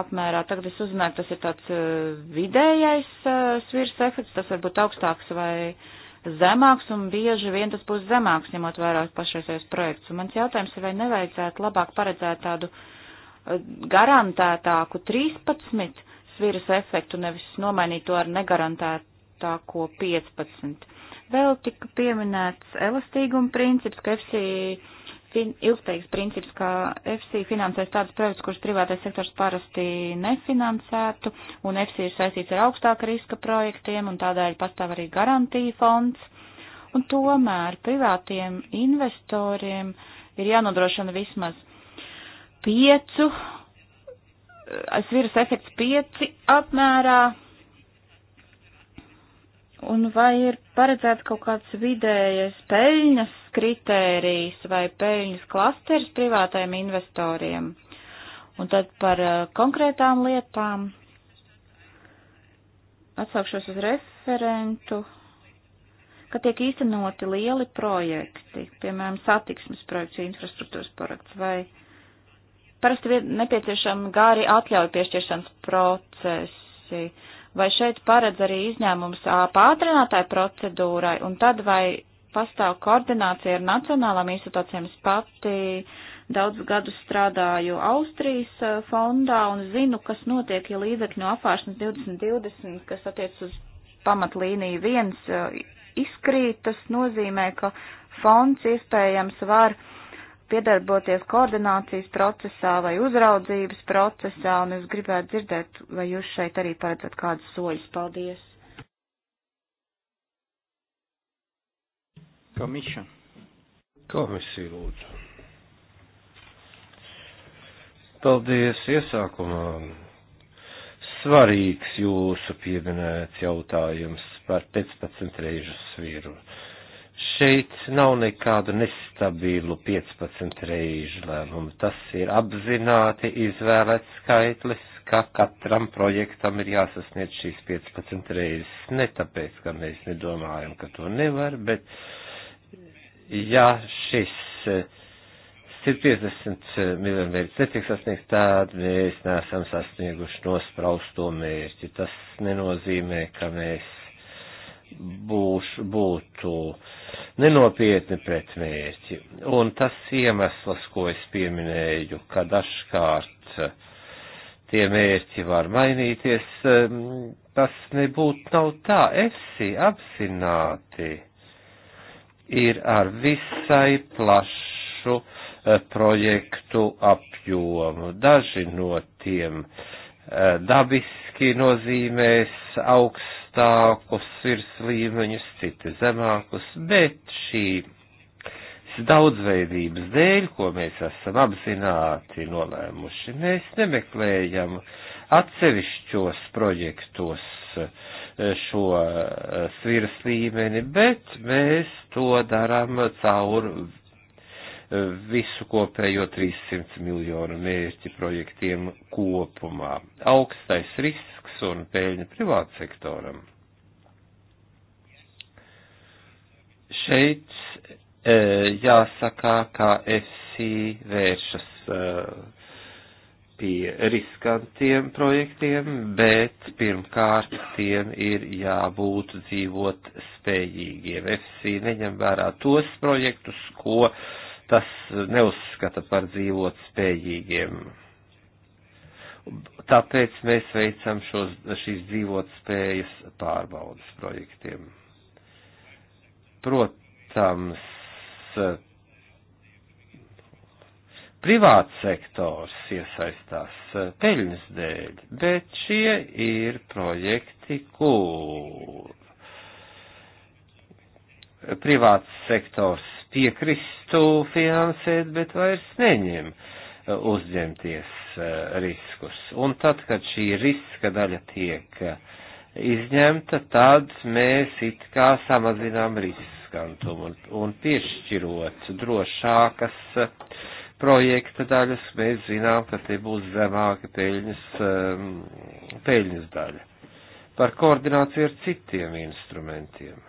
apmērā. Tagad es uzzināju, tas ir tāds eh, vidējais eh, svirs efekts, tas varbūt augstāks vai. Uh, zemāks un bieži vien tas būs zemāks, ņemot vērā pašreizējais projekts. Un mans jautājums ir, vai nevajadzētu labāk paredzēt tādu eh, garantētāku 13 sviras efektu, nevis nomainīt to ar negarantētāko 15. Vēl tika pieminēts elastīguma princips, ka FCI fin ilgspējīgs princips, ka FC finansēs tādus projektus, kurus privātais sektors parasti nefinansētu, un FC ir saistīts ar augstāka riska projektiem, un tādēļ pastāv arī garantija fonds. Un tomēr privātiem investoriem ir jānodrošina vismaz piecu, sviras efekts pieci apmērā, un vai ir paredzēts kaut kāds vidējais peļņas kritērijs vai peļņas klasteris privātajiem investoriem. Un tad par uh, konkrētām lietām atsaukšos uz referentu, ka tiek īstenoti lieli projekti, piemēram, satiksmes projekts, infrastruktūras projekts vai parasti nepieciešama gāri atļauju piešķiršanas procesi. Vai šeit paredz arī izņēmums pātrinātāju procedūrai, un tad vai pastāv koordinācija ar nacionālām institūcijām. Es pati daudz gadus strādāju Austrijas eh, fondā un zinu, kas notiek, ja līdzekļu no apvāršanas 2020, kas attiec uz pamatlīniju viens eh, izkrīt, tas nozīmē, ka fonds iespējams var piedarboties koordinācijas procesā vai uzraudzības procesā, un es gribētu dzirdēt, vai jūs šeit arī paredzat kādus soļus. Paldies! Commission. Komisija lūdzu. Paldies iesākumā. Svarīgs jūsu pieminēts jautājums par 15 reižu sviru. Šeit nav nekādu nestabilu 15 reižu lēmumu. Tas ir apzināti izvēlēts skaitlis, ka katram projektam ir jāsasniedz šīs 15 reizes. Ne tāpēc, ka mēs nedomājam, ka to nevar, bet ja šis 150 eh, miljonu mērķis netiek sasniegts, tad mēs neesam sasnieguši nospraustu mērķi. Tas nenozīmē, ka mēs būš, būtu nenopietni pret mērķi. Un tas iemesls, ko es pieminēju, ka dažkārt eh, tie mērķi var mainīties, eh, tas nebūtu nav tā. Esi apzināti ir ar visai plašu eh, projektu apjomu. Daži no tiem eh, dabiski nozīmēs augstākus virslīmeņus, citi zemākus, bet šī daudzveidības dēļ, ko mēs esam apzināti nolēmuši, mēs nemeklējam atsevišķos projektos uh, šo eh, sviras līmeni, bet mēs to darām caur eh, visu kopējo 300 miljonu mērķi projektiem kopumā. Augstais risks un pēļņa privātsektoram. Šeit e, jāsaka, ka FSI vēršas e, pie riskantiem projektiem, bet pirmkārt tiem ir jābūt dzīvot spējīgiem. FC neņem vērā tos projektus, ko tas neuzskata par dzīvot spējīgiem. Tāpēc mēs veicam šos, šīs dzīvot spējas pārbaudas projektiem. Protams, privāts sektors iesaistās eh, peļņas dēļ, bet šie ir projekti, kur privāts sektors piekristu finansēt, bet vairs neņem eh, uzņemties eh, riskus. Un tad, kad šī riska daļa tiek izņemta, tad mēs it kā samazinām riskantumu un, un piešķirot drošākas uh, projekta daļas, mēs zinām, ka te būs zemāka peļņas, um, peļņas daļa. Par koordināciju ar citiem instrumentiem.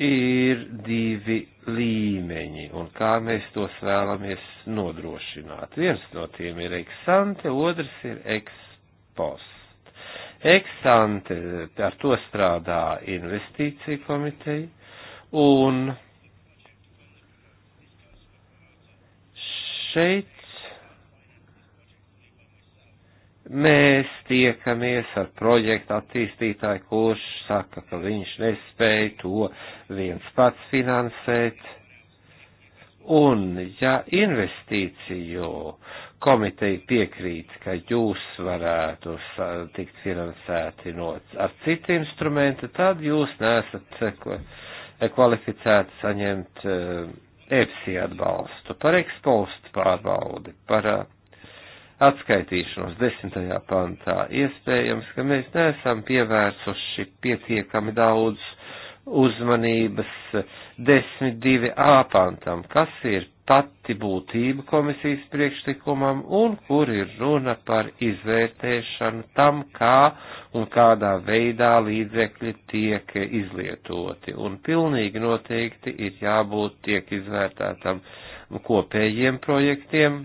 Ir divi līmeņi, un kā mēs tos vēlamies nodrošināt. Viens no tiem ir eksante, otrs ir ekspost. Eksante, ar to strādā investīcija komiteja, un Šeit mēs tiekamies ar projektu attīstītāju, kurš saka, ka viņš nespēja to viens pats finansēt. Un, ja investīciju komiteja piekrīt, ka jūs varētu tikt finansēti no, ar citu instrumentu, tad jūs nesat eh, eh, kvalificēti saņemt uh, EPSI atbalstu, par ekspostu pārbaudi, par uh, atskaitīšanos desmitajā pantā. Iespējams, ka mēs neesam pievērsuši pietiekami daudz uzmanības 10.2a pantam, kas ir pati būtība komisijas priekšlikumam un kur ir runa par izvērtēšanu tam, kā un kādā veidā līdzekļi tiek izlietoti. Un pilnīgi noteikti ir jābūt tiek izvērtētam kopējiem projektiem,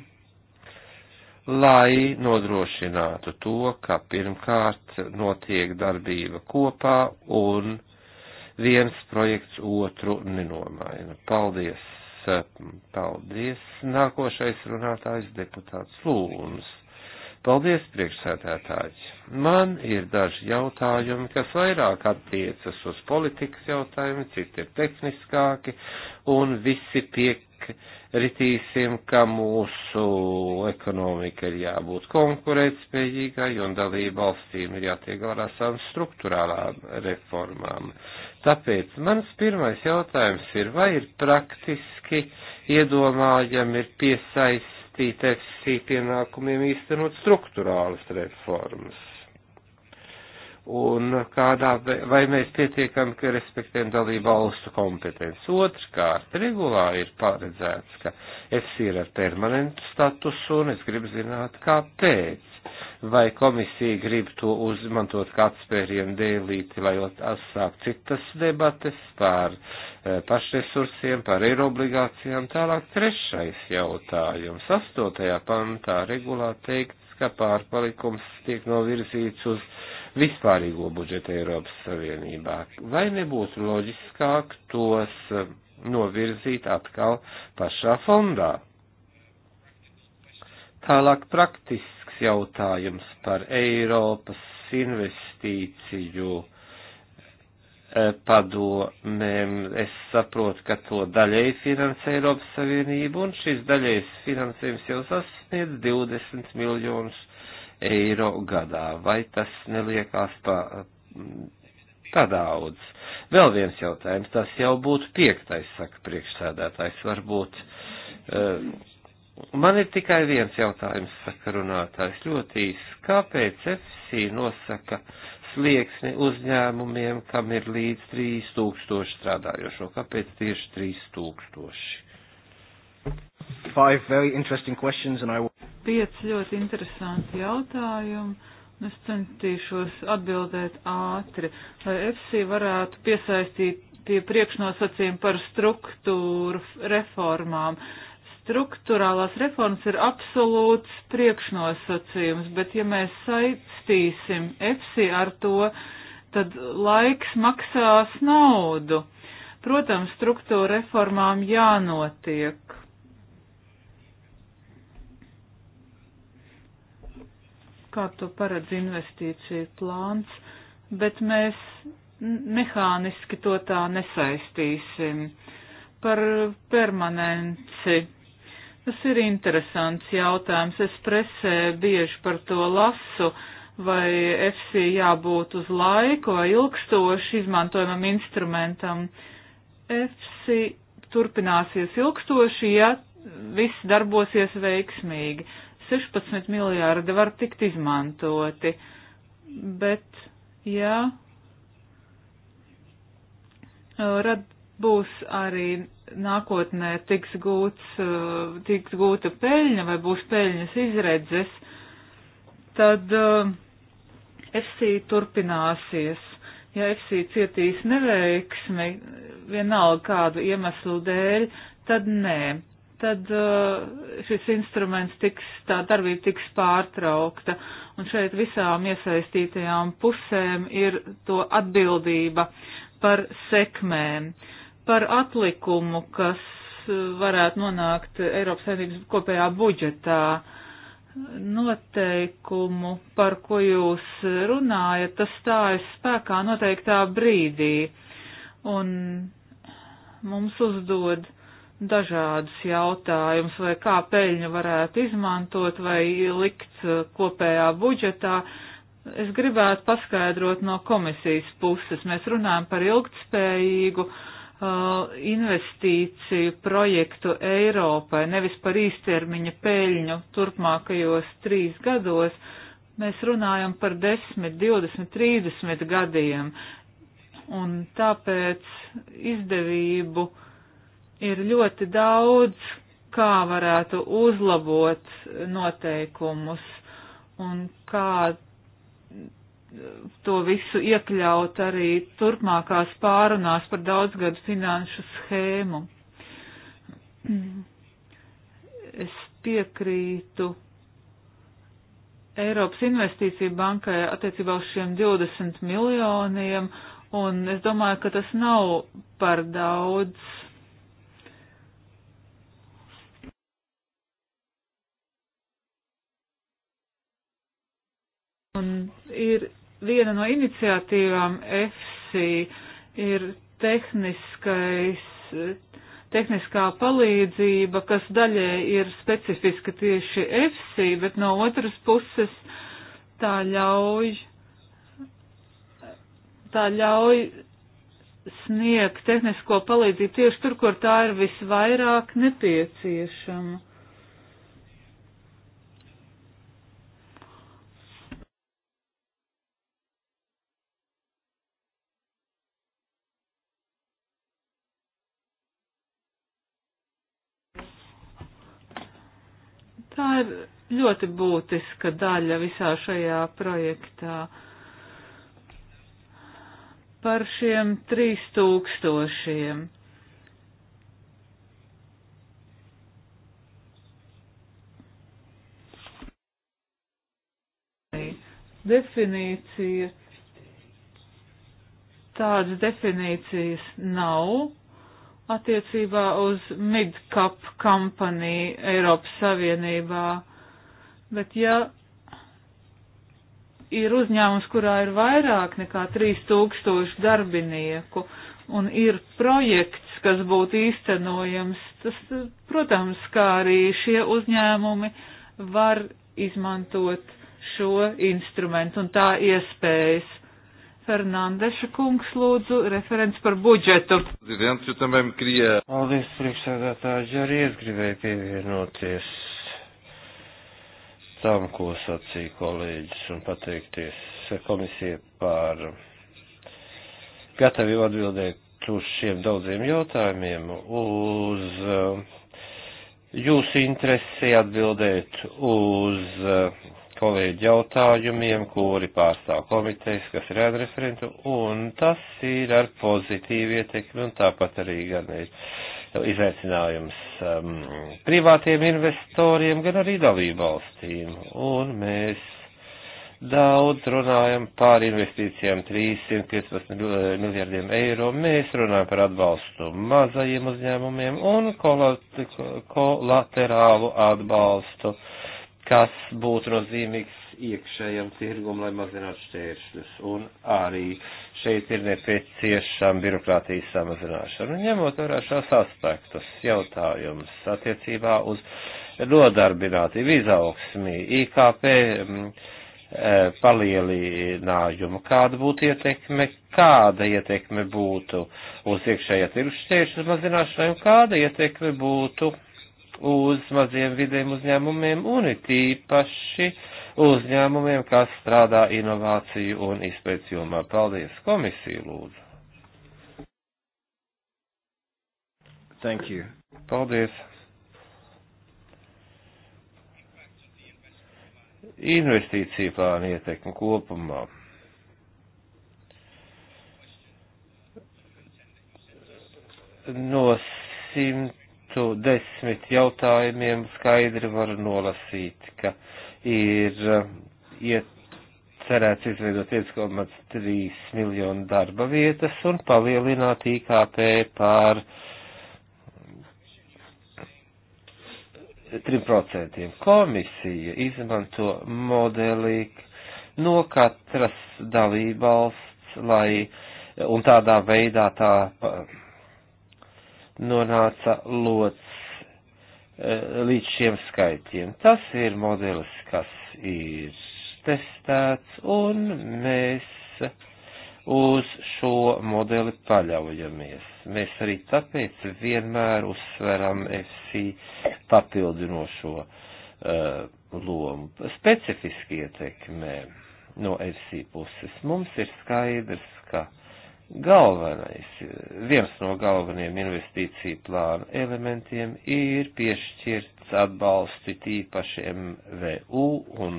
lai nodrošinātu to, ka pirmkārt notiek darbība kopā un viens projekts otru nenomaina. Paldies! Paldies! Nākošais runātājs deputāts Lūns. Paldies, priekšsēdētāji. Man ir daži jautājumi, kas vairāk attiecas uz politikas jautājumu, citi ir tehniskāki, un visi piekritīsim, ka mūsu ekonomika ir jābūt konkurētspējīgai, un dalība valstīm ir jātiek galā savām struktūrālām reformām. Tāpēc mans pirmais jautājums ir, vai ir praktiski iedomājami ir piesaist saistīt FC pienākumiem īstenot struktūrālas reformas. Un kādā, vai mēs pietiekam, ka respektējam dalību valstu kompetenci. Otrkārt, regulā ir paredzēts, ka FC ir ar permanentu statusu, un es gribu zināt, kāpēc vai komisija grib to uzmantot kā atspērienu dēlīti, lai atsākt citas debates par e, pašresursiem, par eirobligācijām. Tālāk trešais jautājums. Astotajā pantā regulā teikts, ka pārpalikums tiek novirzīts uz vispārīgo budžetu Eiropas Savienībā. Vai nebūtu loģiskāk tos e, novirzīt atkal pašā fondā? Tālāk praktis Tālāk jautājums par Eiropas investīciju e, padomēm. Es saprotu, ka to daļai finansē Eiropas Savienība, un šis daļais finansējums jau sasniedz 20 miljonus eiro gadā. Vai tas neliekās pa, pa daudz? Vēl viens jautājums, tas jau būtu piektais, saka priekšsēdētājs, varbūt. Uh, Man ir tikai viens jautājums sakarunātājs ļoti īsi. Kāpēc FSI nosaka slieksni uzņēmumiem, kam ir līdz 3000 strādājošo? Kāpēc tieši 3000? Five very interesting questions and I will... Piec ļoti interesanti jautājumi. Es centīšos atbildēt ātri, lai FC varētu piesaistīt pie priekšnosacījuma par struktūru reformām. Uh, Struktūrālās reformas ir absolūts priekšnosacījums, bet ja mēs saistīsim EFSI ar to, tad laiks maksās naudu. Protams, struktūra reformām jānotiek. Kā to paredz investīcija plāns, bet mēs mehāniski to tā nesaistīsim par permanenci. Tas ir interesants jautājums. Es presē bieži par to lasu, vai FC jābūt uz laiku vai ilgstoši izmantojamam instrumentam. FC turpināsies ilgstoši, ja viss darbosies veiksmīgi. 16 miljārdi var tikt izmantoti, bet, ja rad, būs arī nākotnē tiks, gūts, uh, tiks gūta peļņa vai būs peļņas izredzes, tad uh, FC turpināsies. Ja FC cietīs neveiksmi vienalga kādu iemeslu dēļ, tad nē. Tad uh, šis instruments tiks, tā darbība tiks pārtraukta. Un šeit visām iesaistītajām pusēm ir to atbildība par sekmēm. Uh, par atlikumu, kas varētu nonākt Eiropas Savienības kopējā budžetā. Noteikumu, par ko jūs runājat, tas stājas spēkā noteiktā brīdī. Un mums uzdod dažādus jautājumus, vai kā peļņu varētu izmantot vai likt kopējā budžetā. Es gribētu paskaidrot no komisijas puses. Mēs runājam par ilgtspējīgu uh, Uh, investīciju projektu Eiropai, nevis par īstermiņa peļņu turpmākajos trīs gados. Mēs runājam par 10, 20, 30 gadiem, un tāpēc izdevību ir ļoti daudz, kā varētu uzlabot noteikumus un kā to visu iekļaut arī turpmākās pārunās par daudzgadu finanšu schēmu. Es piekrītu Eiropas investīcija bankai attiecībā uz šiem 20 miljoniem, un es domāju, ka tas nav par daudz. Un ir viena no iniciatīvām EFSI ir tehniskais, tehniskā palīdzība, kas daļai ir specifiska tieši EFSI, bet no otras puses tā ļauj, tā ļauj sniegt tehnisko palīdzību tieši tur, kur tā ir visvairāk nepieciešama. Tā ir ļoti būtiska daļa visā šajā projektā. Par šiem trīs tūkstošiem. Definīcija. Tādas definīcijas nav attiecībā uz midcap kampaniju Eiropas Savienībā, bet ja ir uzņēmums, kurā ir vairāk nekā 3000 darbinieku un ir projekts, kas būtu īstenojams, tas, protams, kā arī šie uzņēmumi var izmantot šo instrumentu un tā iespējas. Fernandeša kungs lūdzu referents par budžetu. Paldies, priekšsēdētāji, arī es gribēju pievienoties tam, ko sacīja kolēģis un pateikties komisija par gatavību atbildēt uz šiem daudziem jautājumiem, uz uh, jūsu interesi atbildēt uz uh, kolēģi jautājumiem, kuri pārstāv komitejas, kas ir ēdreferentu, un tas ir ar pozitīvu ietekmi un tāpat arī gan ir izaicinājums um, privātiem investoriem, gan arī dalību valstīm. Un mēs daudz runājam par investīcijām 315 eh, miljardiem eiro, mēs runājam par atbalstu mazajiem uzņēmumiem un kolaterālu atbalstu kas būtu nozīmīgs iekšējam tirgum, lai mazinātu šķēršļus. Un arī šeit ir nepieciešama birokrātijas samazināšana. Un ņemot vērā šos aspektus, jautājums attiecībā uz nodarbinātību, izaugsmī, IKP mm, e, palielinājumu, kāda būtu ietekme, kāda ietekme būtu uz iekšējā tirgus šķēršļu mazināšanai un kāda ietekme būtu uz maziem vidiem uzņēmumiem un it īpaši uzņēmumiem, kas strādā inovāciju un izpēc jomā. Paldies, komisiju lūdzu. Thank you. Paldies. Investīcija plāna ietekme kopumā. No simt 110 jautājumiem skaidri var nolasīt, ka ir eh, iecerēts izveidot 1,3 miljonu darba vietas un palielināt IKP par 3%. Komisija izmanto modeli no katras dalībvalsts, lai un tādā veidā tā nonāca lots e, līdz šiem skaitļiem. Tas ir modelis, kas ir testēts, un mēs uz šo modeli paļaujamies. Mēs arī tāpēc vienmēr uzsveram FC papildinošo uh, lomu. Specifiski ietekmē no FC puses mums ir skaidrs, ka uh, Galvenais, viens no galvenajiem investīciju plāna elementiem ir piešķirts atbalsti tīpašiem VU un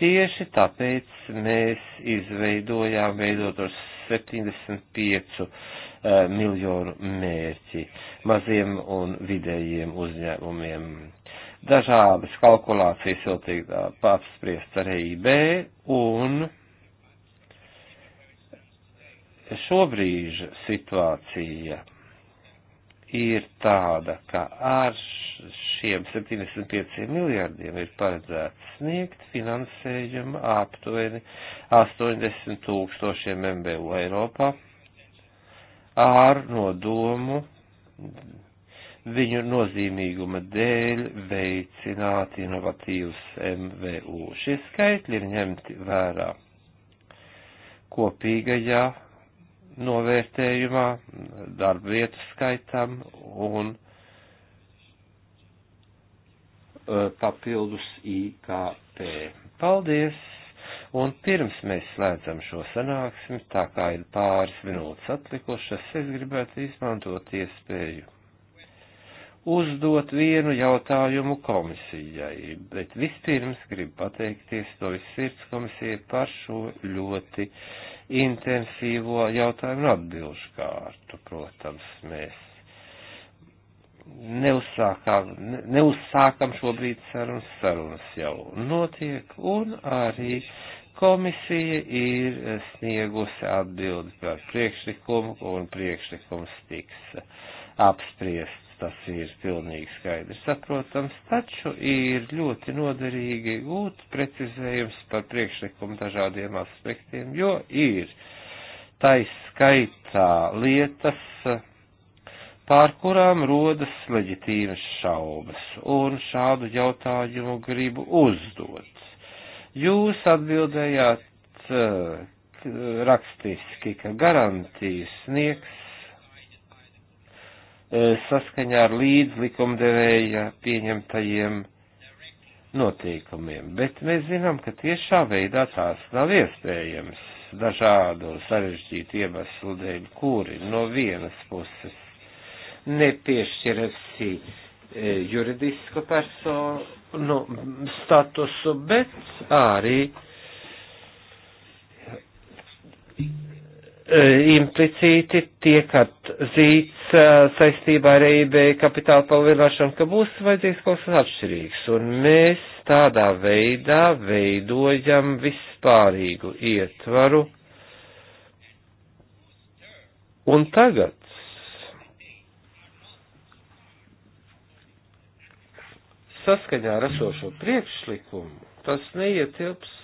tieši tāpēc mēs izveidojām veidotos 75 eh, miljonu mērķi maziem un vidējiem uzņēmumiem. Dažādas kalkulācijas vēl tiek eh, apspriestas ar EIB un šobrīd situācija ir tāda, ka ar šiem 75 miljardiem ir paredzēts sniegt finansējumu aptuveni 80 tūkstošiem MBU Eiropā ar nodomu viņu nozīmīguma dēļ veicināt inovatīvus MVU. Šie skaitļi ir ņemti vērā kopīgajā novērtējumā, darba vietu skaitam un e, papildus IKP. Paldies! Un pirms mēs slēdzam šo sanāksmi, tā kā ir pāris minūtes atlikušas, es gribētu izmantot iespēju uzdot vienu jautājumu komisijai, bet vispirms gribu pateikties to viss sirds komisijai par šo ļoti uh, intensīvo jautājumu un atbilžu kārtu, protams, mēs neuzsākām, ne, neuzsākam šobrīd sarunas, sarunas jau notiek, un arī komisija ir sniegusi atbildi par priekšlikumu, un priekšlikums tiks apspriests tas ir pilnīgi skaidri saprotams, taču ir ļoti noderīgi gūt precizējums par priekšlikumu dažādiem aspektiem, jo ir taiskaitā lietas, pār kurām rodas leģitīvas šaubas, un šādu jautājumu gribu uzdot. Jūs atbildējāt eh, rakstiski, ka garantijas sniegs E, saskaņā ar līdzlikumdevēja pieņemtajiem noteikumiem, bet mēs zinām, ka tiešā veidā tās nav iespējams dažādu sarežģītu iemeslu dēļ, kuri no vienas puses nepiešķir FC e, juridisku personu statusu, bet arī E, implicīti tiek atzīts e, saistībā ar EIB kapitāla palielināšanu, ka būs vajadzīgs kaut kas atšķirīgs, un mēs tādā veidā veidojam vispārīgu ietvaru. Un tagad saskaņā ar esošo priekšlikumu tas neietilps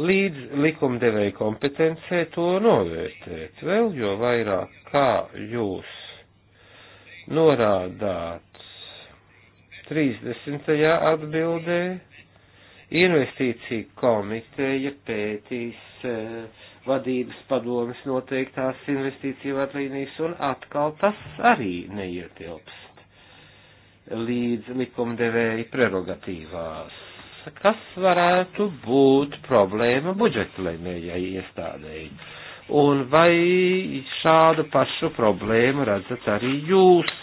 līdz likumdevēja kompetencē to novērtēt. Vēl jo vairāk kā jūs norādāt 30. atbildē, investīcija komiteja pētīs eh, vadības padomas noteiktās investīciju atlīnijas un atkal tas arī neietilpst līdz likumdevēja prerogatīvās kas varētu būt problēma budžeta lēmējai iestādēji. Un vai šādu pašu problēmu redzat arī jūs?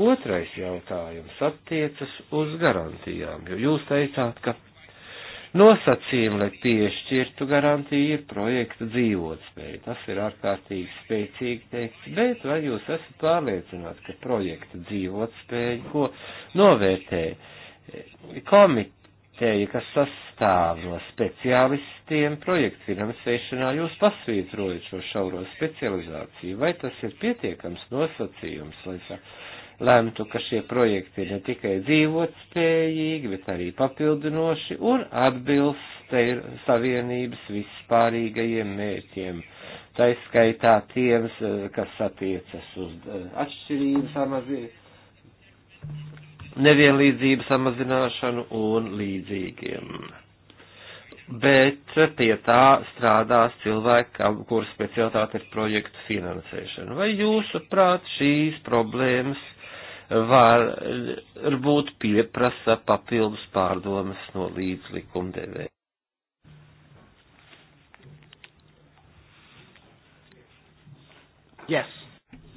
Otrais jautājums attiecas uz garantijām, jo jūs teicāt, ka nosacījumi, lai piešķirtu garantiju, ir projekta dzīvotspēja. Tas ir ārkārtīgi spēcīgi teikt, bet vai jūs esat pārliecināti, ka projekta dzīvotspēja, ko novērtē komit, komiteja, kas sastāv no speciālistiem projektu finansēšanā, jūs pasvītrojat šo šauro specializāciju, vai tas ir pietiekams nosacījums, lai lemtu, ka šie projekti ir ne tikai dzīvotspējīgi, bet arī papildinoši un atbilst e- savienības vispārīgajiem mērķiem. Tā izskaitā tiem, kas attiecas uz e, atšķirības samazināšanu nevienlīdzību samazināšanu un līdzīgiem. Bet pie tā strādās cilvēki, kur specialitāte ir projektu finansēšana. Vai jūsuprāt šīs problēmas var, varbūt pieprasa papildus pārdomas no līdzlikumdevē? Yes.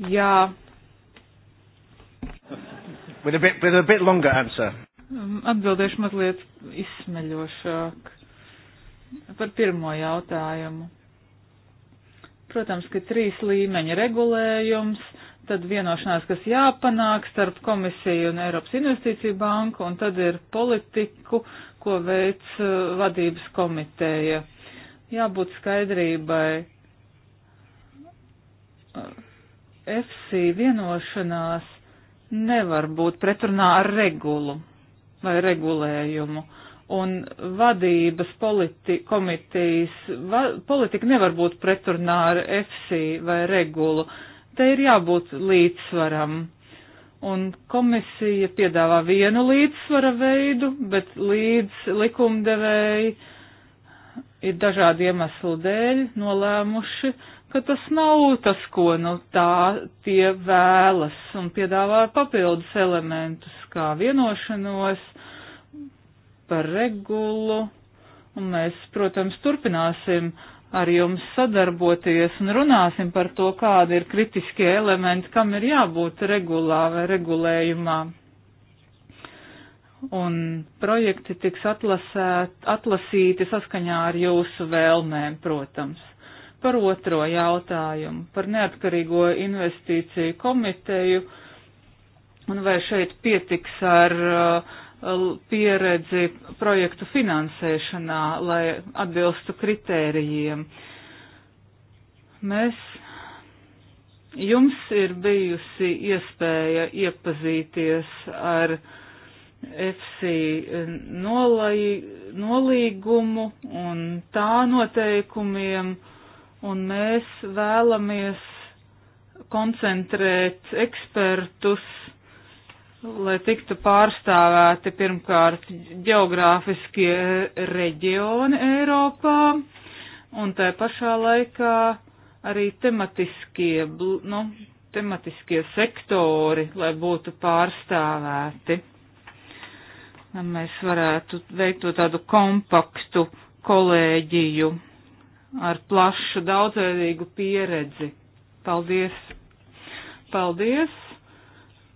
Jā. With a bit, with a bit longer answer. Um, atbildēšu mazliet izsmeļošāk par pirmo jautājumu. Protams, ka trīs līmeņa regulējums, tad vienošanās, kas jāpanāk starp komisiju un Eiropas investīciju banku, un tad ir politiku, ko veic uh, vadības komiteja. Jābūt skaidrībai. Uh, FC vienošanās nevar būt pretrunā ar regulu vai regulējumu. Un vadības politi komitejas va politika nevar būt pretrunā ar FC vai regulu. Te ir jābūt līdzsvaram. Un komisija piedāvā vienu līdzsvara veidu, bet līdz likumdevēji ir dažādu iemeslu dēļ nolēmuši, ka tas nav tas, ko nu, tā tie vēlas un piedāvā papildus elementus, kā vienošanos par regulu. Un mēs, protams, turpināsim ar jums sadarboties un runāsim par to, kādi ir kritiskie elementi, kam ir jābūt regulā vai regulējumā. Un projekti tiks atlasēt, atlasīti saskaņā ar jūsu vēlmēm, protams. Par otro jautājumu, par neatkarīgo investīciju komiteju un vai šeit pietiks ar uh, pieredzi projektu finansēšanā, lai atbilstu kritērijiem. Mēs, jums ir bijusi iespēja iepazīties ar FC nolai, nolīgumu un tā noteikumiem un mēs vēlamies koncentrēt ekspertus, lai tiktu pārstāvēti pirmkārt geogrāfiskie reģioni Eiropā un tā pašā laikā arī tematiskie, nu, tematiskie sektori, lai būtu pārstāvēti. Mēs varētu veikto tādu kompaktu kolēģiju ar plašu daudzveidīgu pieredzi. Paldies! Paldies!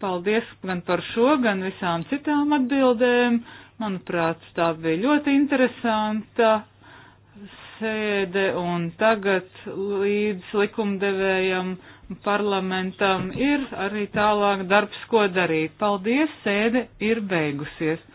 Paldies gan par šo, gan visām citām atbildēm. Manuprāt, tā bija ļoti interesanta sēde, un tagad līdz likumdevējam parlamentam ir arī tālāk darbs, ko darīt. Paldies, sēde ir beigusies.